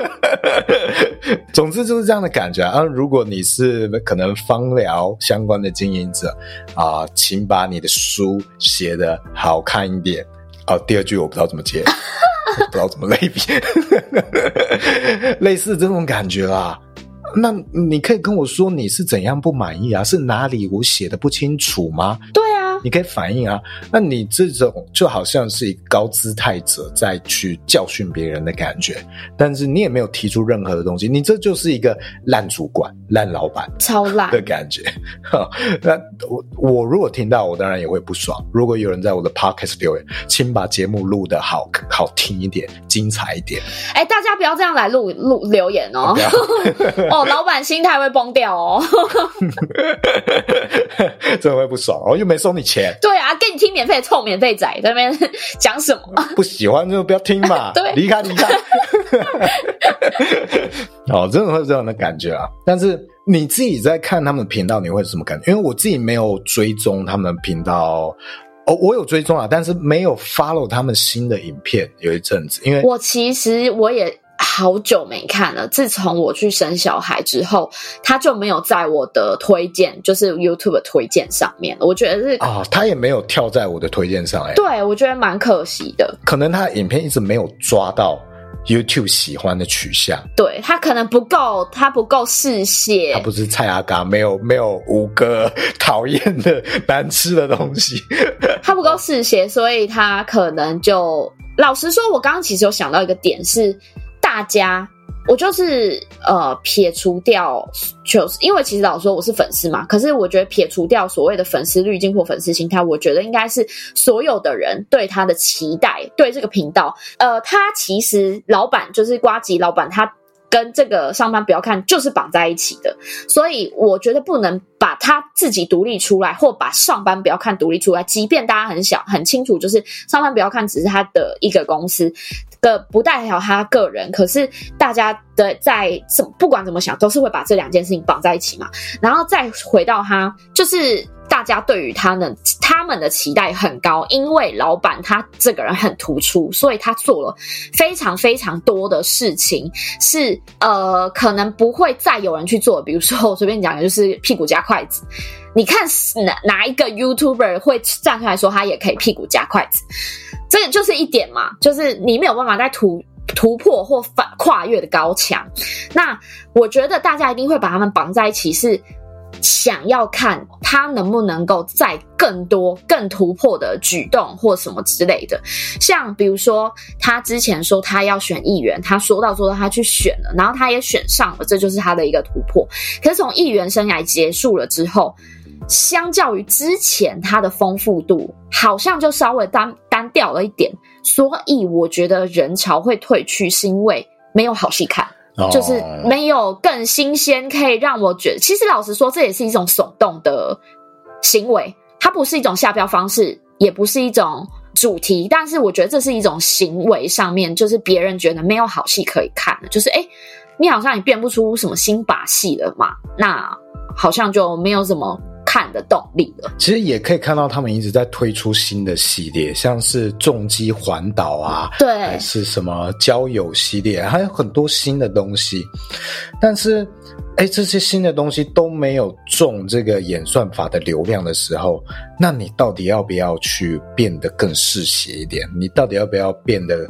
總之就是這樣的感覺啊。如果你是可能芳療相關的經營者啊、呃，請把你的書寫得好看一點。哦、呃，第二句我不知道怎麼接。 不知道怎麼類比，類似這種感覺啦。那你可以跟我說你是怎樣不滿意啊？是哪裡我寫的不清楚嗎？對啊。你可以反映啊，那你這種就好像是一個高姿態者在去教訓別人的感覺，但是你也沒有提出任何的東西，你這就是一個爛主管、爛老闆、超爛的感覺。哈那我我如果聽到，我當然也會不爽。如果有人在我的 podcast 留言，請把節目錄得好、好聽一點、精彩一點。哎、欸，大家不要這樣來錄錄留言哦。嗯、 哦，老闆心態會崩掉哦， 真的會不爽。哦，又沒收你錢。錢對啊，給你聽免費的臭免費仔在那邊講什麼？不喜歡就不要聽嘛，哎、對，離開離開。好、 哦，真的會這樣的感覺啊！但是你自己在看他們頻道，你會有什麼感覺？因為我自己沒有追蹤他們頻道，哦，我有追蹤啊，但是沒有 follow 他們新的影片有一陣子，因為我其實我也。好久沒看了。自從我去生小孩之後，他就沒有在我的推薦，就是 YouTube 推薦上面。我覺得是哦，他也沒有跳在我的推薦上，欸。哎，對我覺得蠻可惜的。可能他的影片一直沒有抓到 YouTube 喜歡的取向。對，他可能不夠，他不夠嗜血。他不是蔡阿嘎，沒有沒有五個討厭的難吃的東西。 他不夠嗜血，所以他可能就老實說，我剛剛其實有想到一個點是。大家，我就是呃撇除掉，就是因為其實老實說我是粉絲嘛，可是我覺得撇除掉所謂的粉絲濾鏡或粉絲心態，我覺得應該是所有的人對他的期待，對這個頻道，呃，他其實老板就是呱吉老板，他跟這個上班不要看就是綁在一起的，所以我覺得不能把他自己獨立出來，或把上班不要看獨立出來，即便大家很小很清楚，就是上班不要看只是他的一個公司。個不代表他個人，可是大家的在什麼，不管怎麼想，都是會把這兩件事情綁在一起嘛，然後再回到他就是。大家對於他們他們的期待很高，因為老板他這個人很突出，所以他做了非常非常多的事情，是呃，可能不會再有人去做的。比如說我隨便講的就是屁股夾筷子，你看哪哪一個 YouTuber 會站出來說他也可以屁股夾筷子？這就是一點嘛，就是你沒有辦法再突突破或跨跨越的高牆。那我覺得大家一定會把他們綁在一起是。想要看他能不能夠再更多更突破的舉動或什麼之類的，像比如說他之前說他要選議員，他說到做到，他去選了，然後他也選上了，這就是他的一個突破。可是從議員生涯結束了之後，相較於之前他的豐富度，好像就稍微單單調了一點，所以我覺得人潮會褪去，是因為沒有好戲看。就是沒有更新鮮，可以讓我覺得。其實老實說，這也是一種聳動的行為，它不是一種下標方式，也不是一種主題，但是我覺得這是一種行為上面，就是別人覺得沒有好戲可以看，就是誒、欸，你好像也變不出什麼新把戲了嘛，那好像就沒有什麼。看的動力了，其實也可以看到他們一直在推出新的系列，像是重機環島啊，對，還是什麼交友系列，還有很多新的東西，但是。哎、欸，這些新的東西都沒有中這個演算法的流量的時候，那你到底要不要去變得更嗜血一點？你到底要不要變得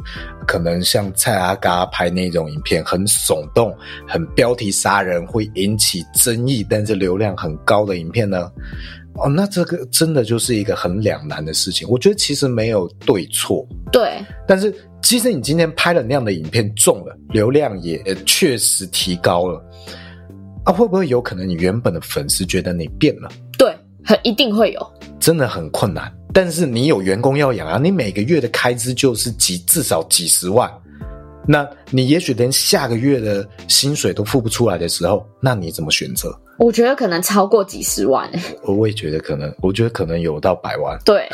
可能像蔡阿嘎拍那種影片，很聳動、很標題殺人，會引起爭議，但是流量很高的影片呢？哦，那這個真的就是一個很兩難的事情。我覺得其實沒有對錯，對。但是即使你今天拍了那樣的影片，中了流量也欸、確實提高了。啊，會不會有可能你原本的粉絲覺得你變了？對，很一定會有，真的很困難。但是你有員工要養啊，你每個月的開支就是幾至少幾十萬，那你也許連下個月的薪水都付不出來的時候，那你怎麼選擇？我覺得可能超過幾十萬欸，我，我也覺得可能，我覺得可能有到百萬。對，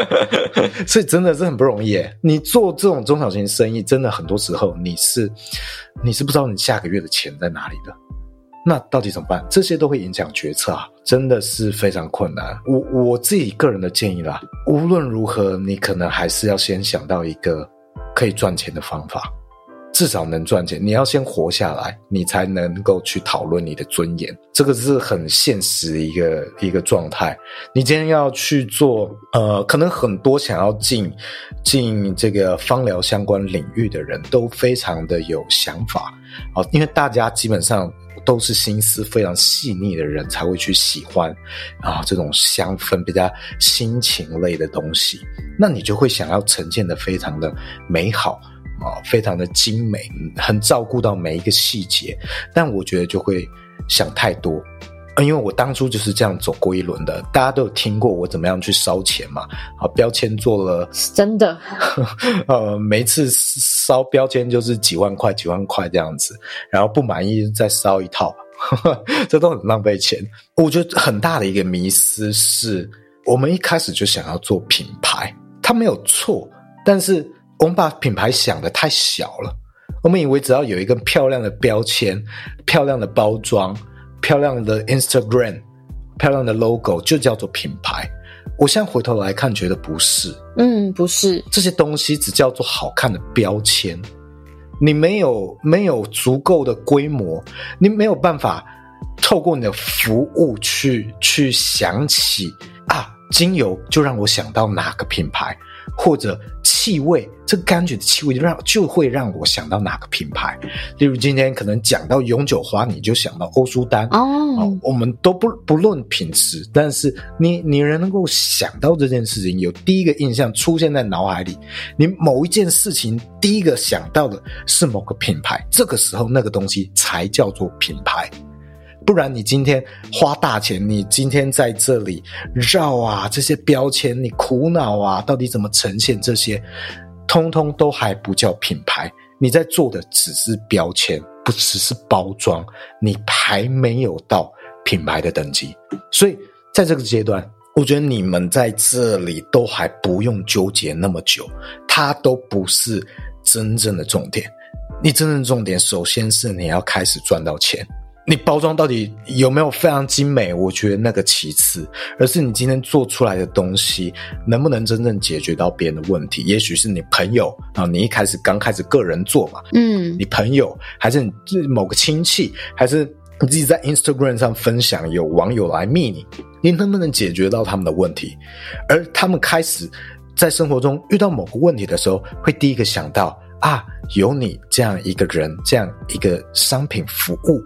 所以真的是很不容易欸。你做這種中小型生意，真的很多時候你是你是不知道你下個月的錢在哪裡的。那到底怎麼辦？這些都會影響決策啊，真的是非常困難。我我自己個人的建議啦，無論如何，你可能還是要先想到一個可以賺錢的方法，至少能賺錢。你要先活下來，你才能夠去討論你的尊嚴。這個是很現實一個一個狀態。你今天要去做，呃，可能很多想要進進這個芳療相關領域的人都非常的有想法。好，因為大家基本上都是心思非常細膩的人，才會去喜歡，啊，這種香氛比較心情類的東西，那你就會想要呈現得非常的美好，啊，非常的精美，很照顧到每一個細節，但我覺得就會想太多。因為我當初就是這樣走過一輪的，大家都有聽過我怎麼樣去燒錢嘛？啊，標籤做了是真的呵呵，呃，每一次燒標籤就是幾萬塊、幾萬塊這樣子，然後不滿意再燒一套，呵呵這都很浪費錢。我覺得很大的一個迷思是我們一開始就想要做品牌，它沒有錯，但是我們把品牌想得太小了，我們以為只要有一個漂亮的標籤、漂亮的包裝。漂亮的 Instagram，漂亮的 logo 就叫做品牌。我現在回頭來看，覺得不是，嗯，不是。這些東西只叫做好看的標籤。你沒有沒有足夠的規模，你沒有辦法透過你的服務去去想起啊，精油就讓我想到哪個品牌。或者氣味，這柑橘的氣味就讓就會讓我想到哪個品牌。例如今天可能講到永久花，你就想到歐舒丹、oh. 哦。我們都不不論品質，但是你你人能夠想到這件事情，有第一個印象出現在腦海裡，你某一件事情第一個想到的是某個品牌，這個時候那個東西才叫做品牌。不然你今天花大錢，你今天在這裡繞啊這些標籤，你苦惱啊，到底怎麼呈現這些，通通都還不叫品牌。你在做的只是標籤，不只是包裝，你還沒有到品牌的等級。所以在這個階段，我覺得你們在這裡都還不用糾結那麼久，它都不是真正的重點。你真正的重點，首先是你要開始賺到錢。你包裝到底有沒有非常精美？我覺得那個其次，而是你今天做出來的東西能不能真正解決到別人的問題？也許是你朋友啊，然後你一開始剛開始個人做嘛，嗯，你朋友還是你某個親戚，還是你自己在 Instagram 上分享，有網友來密你，你能不能解決到他們的問題？而他們開始在生活中遇到某個問題的時候，會第一個想到啊，有你這樣一個人，這樣一個商品服務。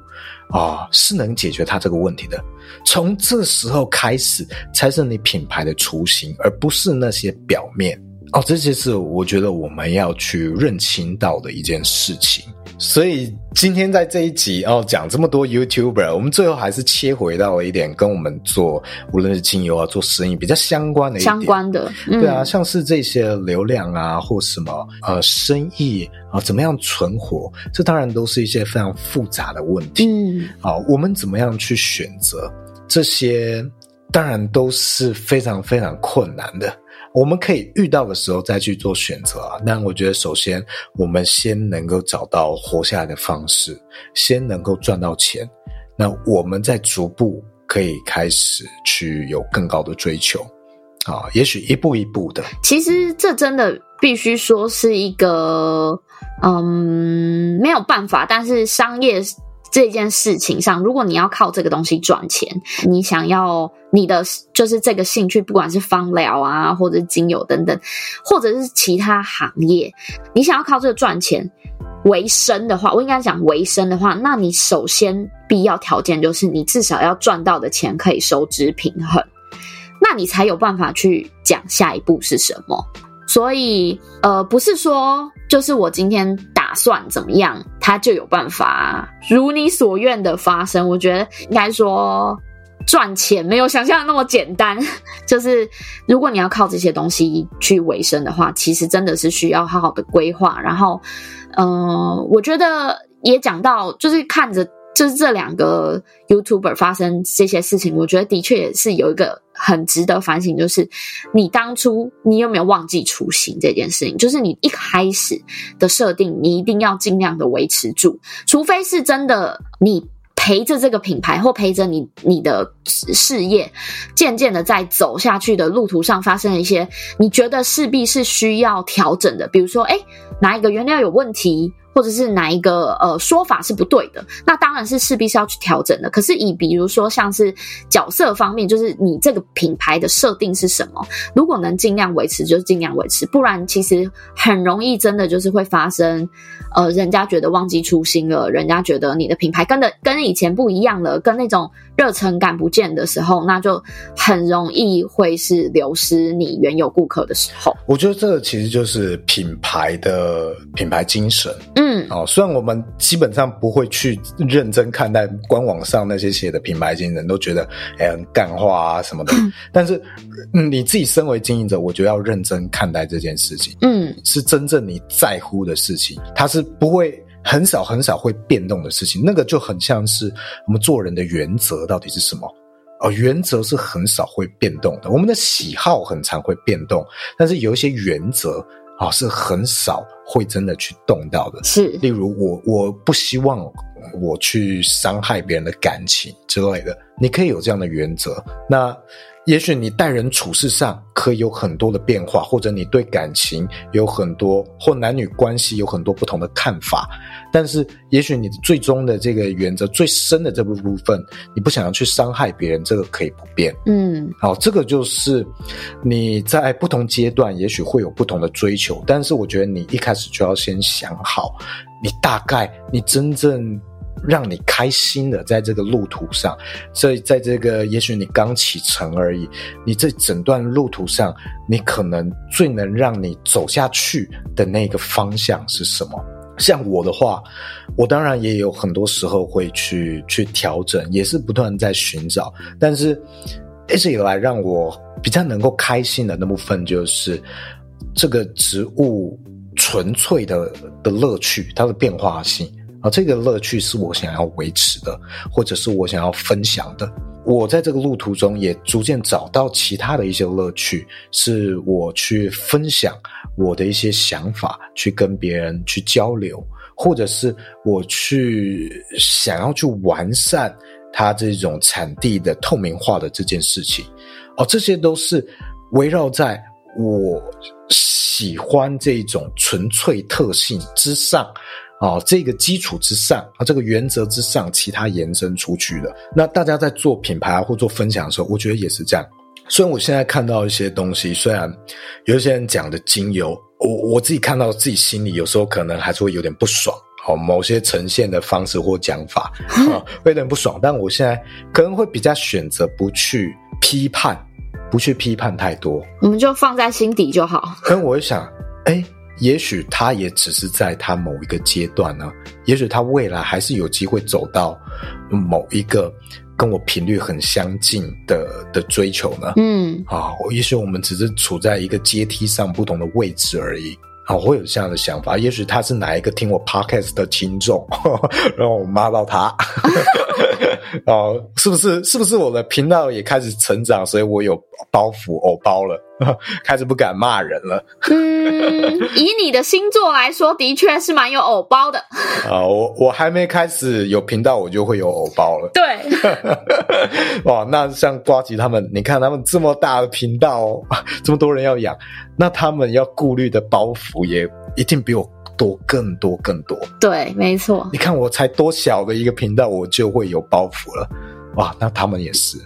啊、哦，是能解決他這個問題的。從這時候開始，才是你品牌的雛形，而不是那些表面。哦，這些是我覺得我們要去認清到的一件事情。所以今天在這一集哦，講這麼多 YouTuber，我們最後還是切回到了一點跟我們做無論是精油啊做生意比較相關的一點相關的。嗯、對啊，像是這些流量啊，或什麼呃生意啊、呃，怎麼樣存活？這當然都是一些非常複雜的問題。嗯，啊、哦，我們怎麼樣去選擇？這些當然都是非常非常困難的。我們可以遇到的時候再去做選擇啊，那我覺得首先我們先能夠找到活下來的方式，先能夠賺到錢，那我們再逐步可以開始去有更高的追求，啊，也許一步一步的。其實這真的必須說是一個，嗯，沒有辦法，但是商業。這件事情上，如果你要靠這個東西賺錢，你想要你的就是這個興趣，不管是芳療啊，或者是精油等等，或者是其他行業，你想要靠這個賺錢為生的話，我應該講為生的話，那你首先必要條件就是你至少要賺到的錢可以收支平衡，那你才有辦法去講下一步是什麼。所以，呃，不是說就是我今天打算怎麼樣，它就有辦法如你所願的發生。我覺得應該說，賺錢沒有想象的那麼簡單。就是如果你要靠這些東西去維生的話，其實真的是需要好好的規劃。然後，嗯、呃，我覺得也講到，就是看着。就是這兩個 YouTuber 發生這些事情，我覺得的確也是有一個很值得反省，就是你當初你有沒有忘記初心這件事情？就是你一開始的設定，你一定要盡量的維持住，除非是真的你陪着這個品牌或陪着你你的事業，漸漸的在走下去的路途上發生一些，你覺得勢必是需要調整的，比如說，哎，哪一個原料有問題。或者是哪一個呃說法是不對的，那當然是勢必是要去調整的。可是以比如說像是角色方面，就是你這個品牌的設定是什麼，如果能盡量維持，就盡量維持，不然其實很容易真的就是會發生。呃，人家覺得忘記初心了，人家覺得你的品牌跟的跟以前不一樣了，跟那種熱忱感不見的時候，那就很容易會是流失你原有顧客的時候。我覺得這個其實就是品牌的品牌精神，嗯，哦，雖然我們基本上不會去認真看待官網上那些寫的品牌精神，都覺得哎、欸、很幹話啊什麼的，嗯、但是、嗯、你自己身為經營者，我覺得要認真看待這件事情，嗯，是真正你在乎的事情，它是。是不會很少很少會變動的事情，那個就很像是我們做人的原則到底是什麼？原則是很少會變動的，我們的喜好很常會變動，但是有一些原則啊是很少會真的去動到的。是，例如我我不希望我去傷害別人的感情之類的，你可以有這樣的原則。那。也許你待人處事上可以有很多的變化，或者你對感情有很多，或男女關係有很多不同的看法，但是也許你最終的這個原則，最深的這部分，你不想要去傷害別人，這個可以不變。嗯，好，這個就是你在不同階段也許會有不同的追求，但是我覺得你一開始就要先想好，你大概你真正。讓你開心的，在這個路途上，所以在這個，也許你剛啟程而已。你這整段路途上，你可能最能讓你走下去的那個方向是什麼？像我的話，我當然也有很多時候會去去調整，也是不斷在尋找。但是一直以來讓我比較能夠開心的那部分，就是這個植物純粹的的樂趣，它的變化性啊，這個樂趣是我想要維持的，或者是我想要分享的。我在這個路途中也逐漸找到其他的一些樂趣，是我去分享我的一些想法，去跟別人去交流，或者是我去想要去完善它這種產地的透明化的這件事情。哦，這些都是圍繞在我喜歡這種純粹特性之上。啊、哦，這個基礎之上，啊，這個原則之上，其他延伸出去的。那大家在做品牌、啊、或做分享的時候，我覺得也是這樣。雖然我現在看到一些東西，雖然有些人講的精油，我我自己看到自己心裡有時候可能還是會有點不爽。好、哦，某些呈現的方式或講法，嗯嗯、會有點不爽。但我現在可能會比較選擇不去批判，不去批判太多。我們就放在心底就好。可、嗯、我就想，哎、欸。也許他也只是在他某一個階段呢，也許他未來還是有機會走到某一個跟我頻率很相近的的追求呢。嗯，啊，也許我們只是處在一個階梯上不同的位置而已。啊，我會有這樣的想法。也許他是哪一個聽我 podcast 的聽眾，讓我罵到他。哦、， 啊，是不是？是不是我的頻道也開始成長，所以我有包袱，偶包了。開始不敢罵人了。嗯，以你的星座來說，的確是蠻有“偶包”的。啊、哦，我我還沒開始有頻道，我就會有“偶包”了。對。 哇，那像呱吉他們，你看他們這麼大的頻道，哦，這麼多人要養，那他們要顧慮的包袱也一定比我多更多更多。對，沒錯。你看我才多小的一個頻道，我就會有包袱了。哇，那他們也是。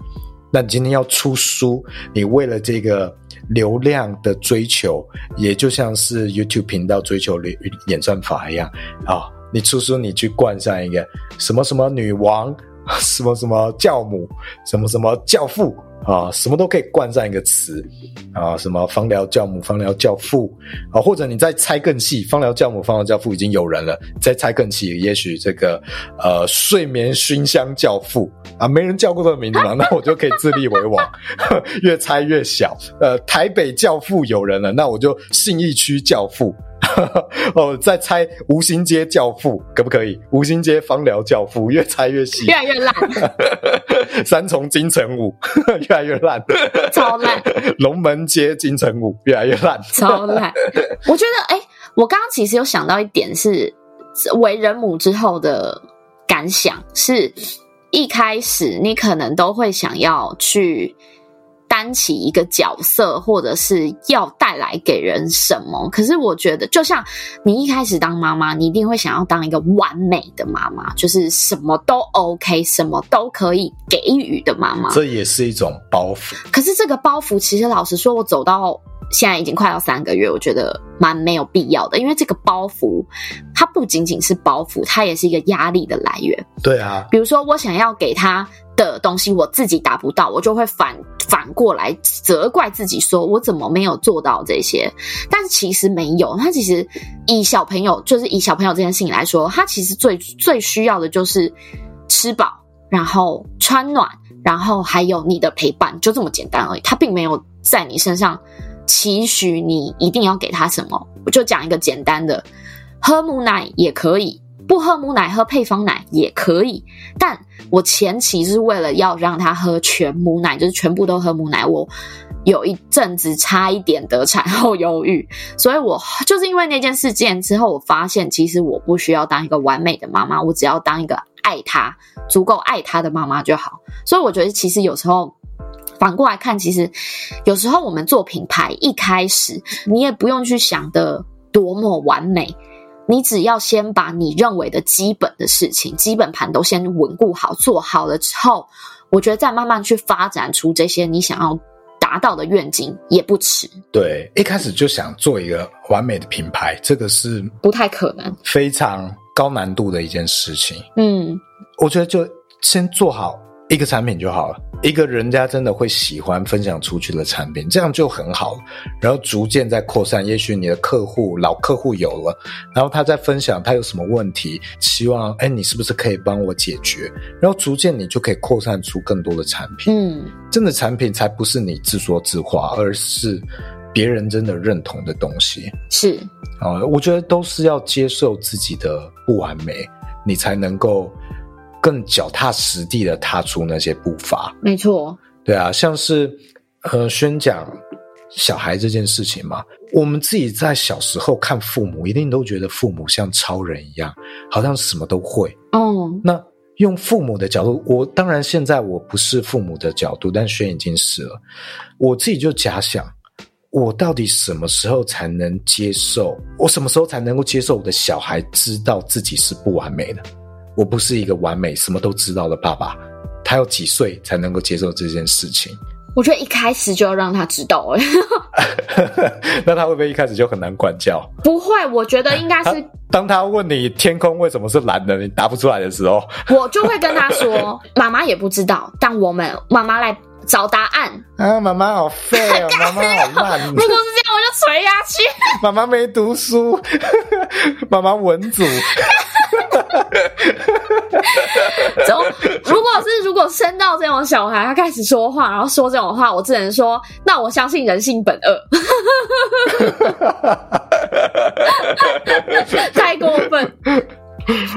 那你今天要出書，你為了這個流量的追求，也就像是 YouTube 頻道追求演算法一樣啊！你出書，你去冠上一個什麼什麼女王。什麼什麼教母，什麼什麼教父啊，什麼都可以冠上一個詞啊，什麼芳療教母、芳療教父啊，或者你再猜更細，芳療教母、芳療教父已經有人了，再猜更細，也許這個呃睡眠燻香教父啊，沒人叫過這個名字嘛，那我就可以自立為王， 越猜越小。呃，台北教父有人了，那我就信義區教父。 哦，在猜吳興街教父可不可以？吳興街芳療教父，越猜越稀，越來越爛。 三重金城武，越來越爛，超爛爛。龍 門街金城武，越來越爛，超爛。我覺得，哎、欸，我剛剛其實有想到一點是，是為人母之後的感想，是一開始你可能都會想要去。擔起一個角色，或者是要帶來給人什麼？可是我覺得，就像你一開始當媽媽，你一定會想要當一個完美的媽媽，就是什麼都 OK，什麼都可以給予的媽媽。這也是一種包袱。可是這個包袱，其實老實說，我走到現在已經快要三個月，我覺得蠻沒有必要的。因為這個包袱，它不僅僅是包袱，它也是一個壓力的來源。對啊，比如說我想要給他。的東西我自己達不到，我就會反反過來責怪自己，說我怎麼沒有做到這些？但是其實沒有，他其實以小朋友，就是以小朋友這件事情來說，他其實最最需要的就是吃飽，然後穿暖，然後還有你的陪伴，就這麼簡單而已。他並沒有在你身上期許你一定要給他什麼。我就講一個簡單的，喝母奶也可以，不喝母奶，喝配方奶也可以。但我前期是為了要讓他喝全母奶，就是全部都喝母奶。我有一陣子差一點得產後憂鬱，所以我就是因為那件事件之後，我發現其實我不需要當一個完美的媽媽，我只要當一個愛他、足夠愛他的媽媽就好。所以我覺得，其實有時候反過來看，其實有時候我們做品牌，一開始你也不用去想得多麼完美。你只要先把你認為的基本的事情、基本盤都先穩固好，做好了之後，我覺得再慢慢去發展出這些你想要達到的願景也不遲。對，一開始就想做一個完美的品牌，這個是不太可能，非常高難度的一件事情。嗯，我覺得就先做好。一個產品就好了，一個人家真的會喜歡分享出去的產品，這樣就很好了。然後逐漸再擴散，也許你的客戶老客戶有了，然後他在分享，他有什麼問題，希望哎你是不是可以幫我解決？然後逐漸你就可以擴散出更多的產品。嗯，真的產品才不是你自說自話，而是別人真的認同的東西。是啊、嗯，我覺得都是要接受自己的不完美，你才能夠。更腳踏實地的踏出那些步伐。沒錯，沒錯。對啊，像是和、呃、宣講小孩這件事情嘛，我們自己在小時候看父母，一定都覺得父母像超人一樣，好像什麼都會。哦，那用父母的角度，我當然現在我不是父母的角度，但軒已經是了，我自己就假想，我到底什麼時候才能接受？我什麼時候才能夠接受我的小孩知道自己是不完美的？我不是一個完美、什麼都知道的爸爸，他要幾歲才能夠接受這件事情？我覺得一開始就要讓他知道。哎，那他會不會一開始就很難管教？不會，我覺得應該是他當他問你天空為什麼是藍的，你答不出來的時候，我就會跟他說：“媽媽 也不知道，但我們媽媽來找答案。”啊，媽媽好廢、喔，媽媽好慢、喔。如果是這樣，我就捶下去。媽媽沒讀書，媽媽文組。哈哈哈！哈， 如果是如果生到這種小孩，他開始說話，然後說這種話，我只能說，那我相信人性本惡， 太過分、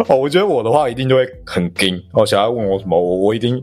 哦、我覺得我的話一定就會很硬哦。小孩問我什麼，我一定、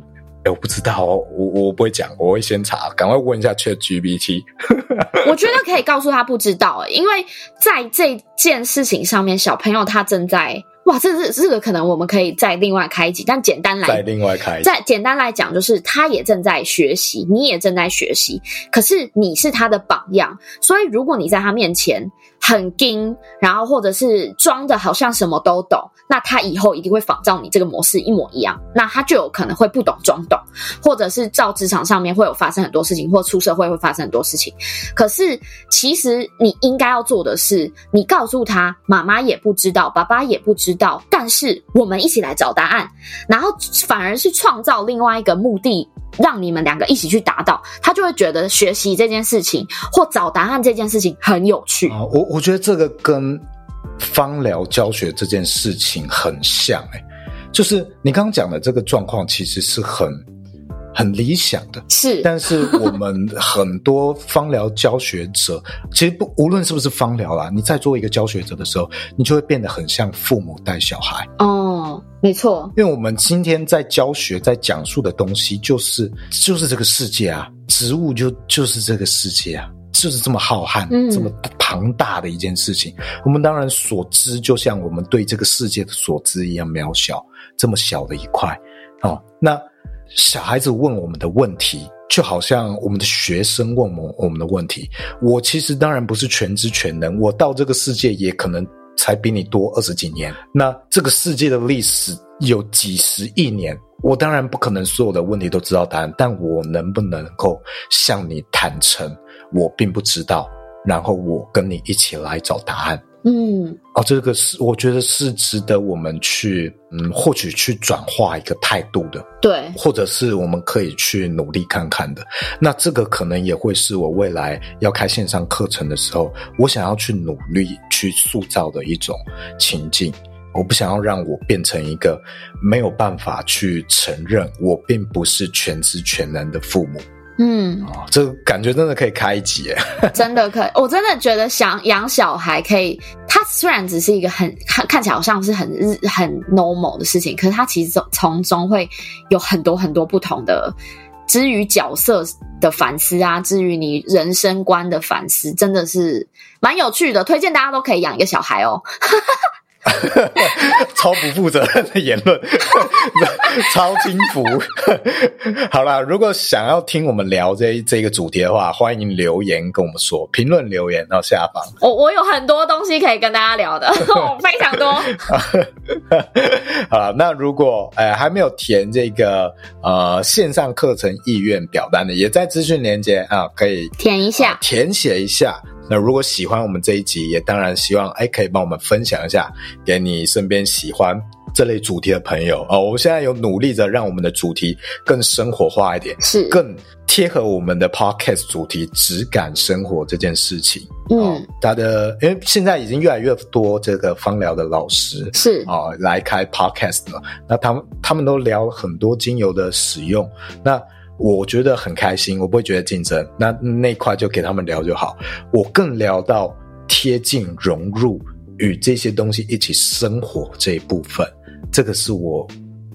欸、我不知道、哦、我，我不會講，我會先查，趕快問一下 ChatGPT。 我覺得可以告訴他不知道、欸，因為在這件事情上面，小朋友他正在。哇，這是這是個可能我們可以再另外開集，但簡單來再另外開，再簡單來講就是，他也正在學習，你也正在學習，可是你是他的榜樣，所以如果你在他面前。很硬，然後或者是裝的好像什麼都懂，那他以後一定會仿照你這個模式一模一樣，那他就有可能會不懂裝懂，或者是照職場上面會有發生很多事情，或出社會會，會發生很多事情。可是其實你應該要做的是，你告訴他媽媽也不知道，爸爸也不知道，但是我們一起來找答案，然後反而是創造另外一個目的。讓你們兩個一起去達到，他就會覺得學習這件事情或找答案這件事情很有趣啊、呃。我我覺得這個跟芳療教學這件事情很像誒、欸，就是你剛剛講的這個狀況其實是很。很理想的，是，但是我們很多芳療教學者， 其實不，無論是不是芳療啦，你在做一個教學者的時候，你就會變得很像父母帶小孩。哦，沒錯，因為我們今天在教學、在講述的東西，就是就是這個世界啊，植物就就是這個世界啊，就是這麼浩瀚、嗯、這麼龐大的一件事情。我們當然所知，就像我們對這個世界的所知一樣渺小，這麼小的一塊。哦，那。小孩子問我們的問題，就好像我們的學生問我們的問題。我其實當然不是全知全能，我到這個世界也可能才比你多二十幾年。那這個世界的歷史有幾十億年，我當然不可能所有的問題都知道答案。但我能不能夠向你坦誠，我並不知道，然後我跟你一起來找答案。嗯，哦，這個是我覺得是值得我們去嗯或許去轉化一個態度的，對，或者是我們可以去努力看看的。那這個可能也會是我未來要開線上課程的時候，我想要去努力去塑造的一種情境。我不想要讓我變成一個沒有辦法去承認我並不是全知全能的父母。嗯，哦，這個感覺真的可以開一集，真的可以，我真的覺得想養小孩可以。他雖然只是一個很看看起來好像是很日很 normal 的事情，可是他其實從從中會有很多很多不同的，至於角色的反思啊，至於你人生觀的反思，真的是蠻有趣的，推薦大家都可以養一個小孩哦。哈哈哈。 超不負責任的言論， 超輕浮。 好了，如果想要聽我們聊這一這一個主題的話，歡迎留言跟我們說，評論留言到下方。我我有很多東西可以跟大家聊的，我非常多。啊， 那如果哎、欸、還沒有填這個呃線上課程意願表單的，也在資訊連結啊，可以填一下，啊、填寫一下。那如果喜歡我們這一集，也當然希望哎，可以幫我們分享一下，給你身邊喜歡這類主題的朋友哦，我們現在有努力着讓我們的主題更生活化一點，是更貼合我們的 podcast 主題“質感生活”這件事情。嗯、哦，他的因為現在已經越來越多這個芳療的老師是啊、哦、來開 podcast 了，那他們他們都聊了很多精油的使用，那。我覺得很開心，我不會覺得競爭。那那塊就給他們聊就好。我更聊到貼近、融入與這些東西一起生活這一部分，這個是我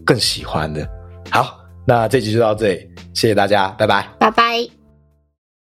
更喜歡的。好，那這集就到這裡，謝謝大家，拜拜，拜拜。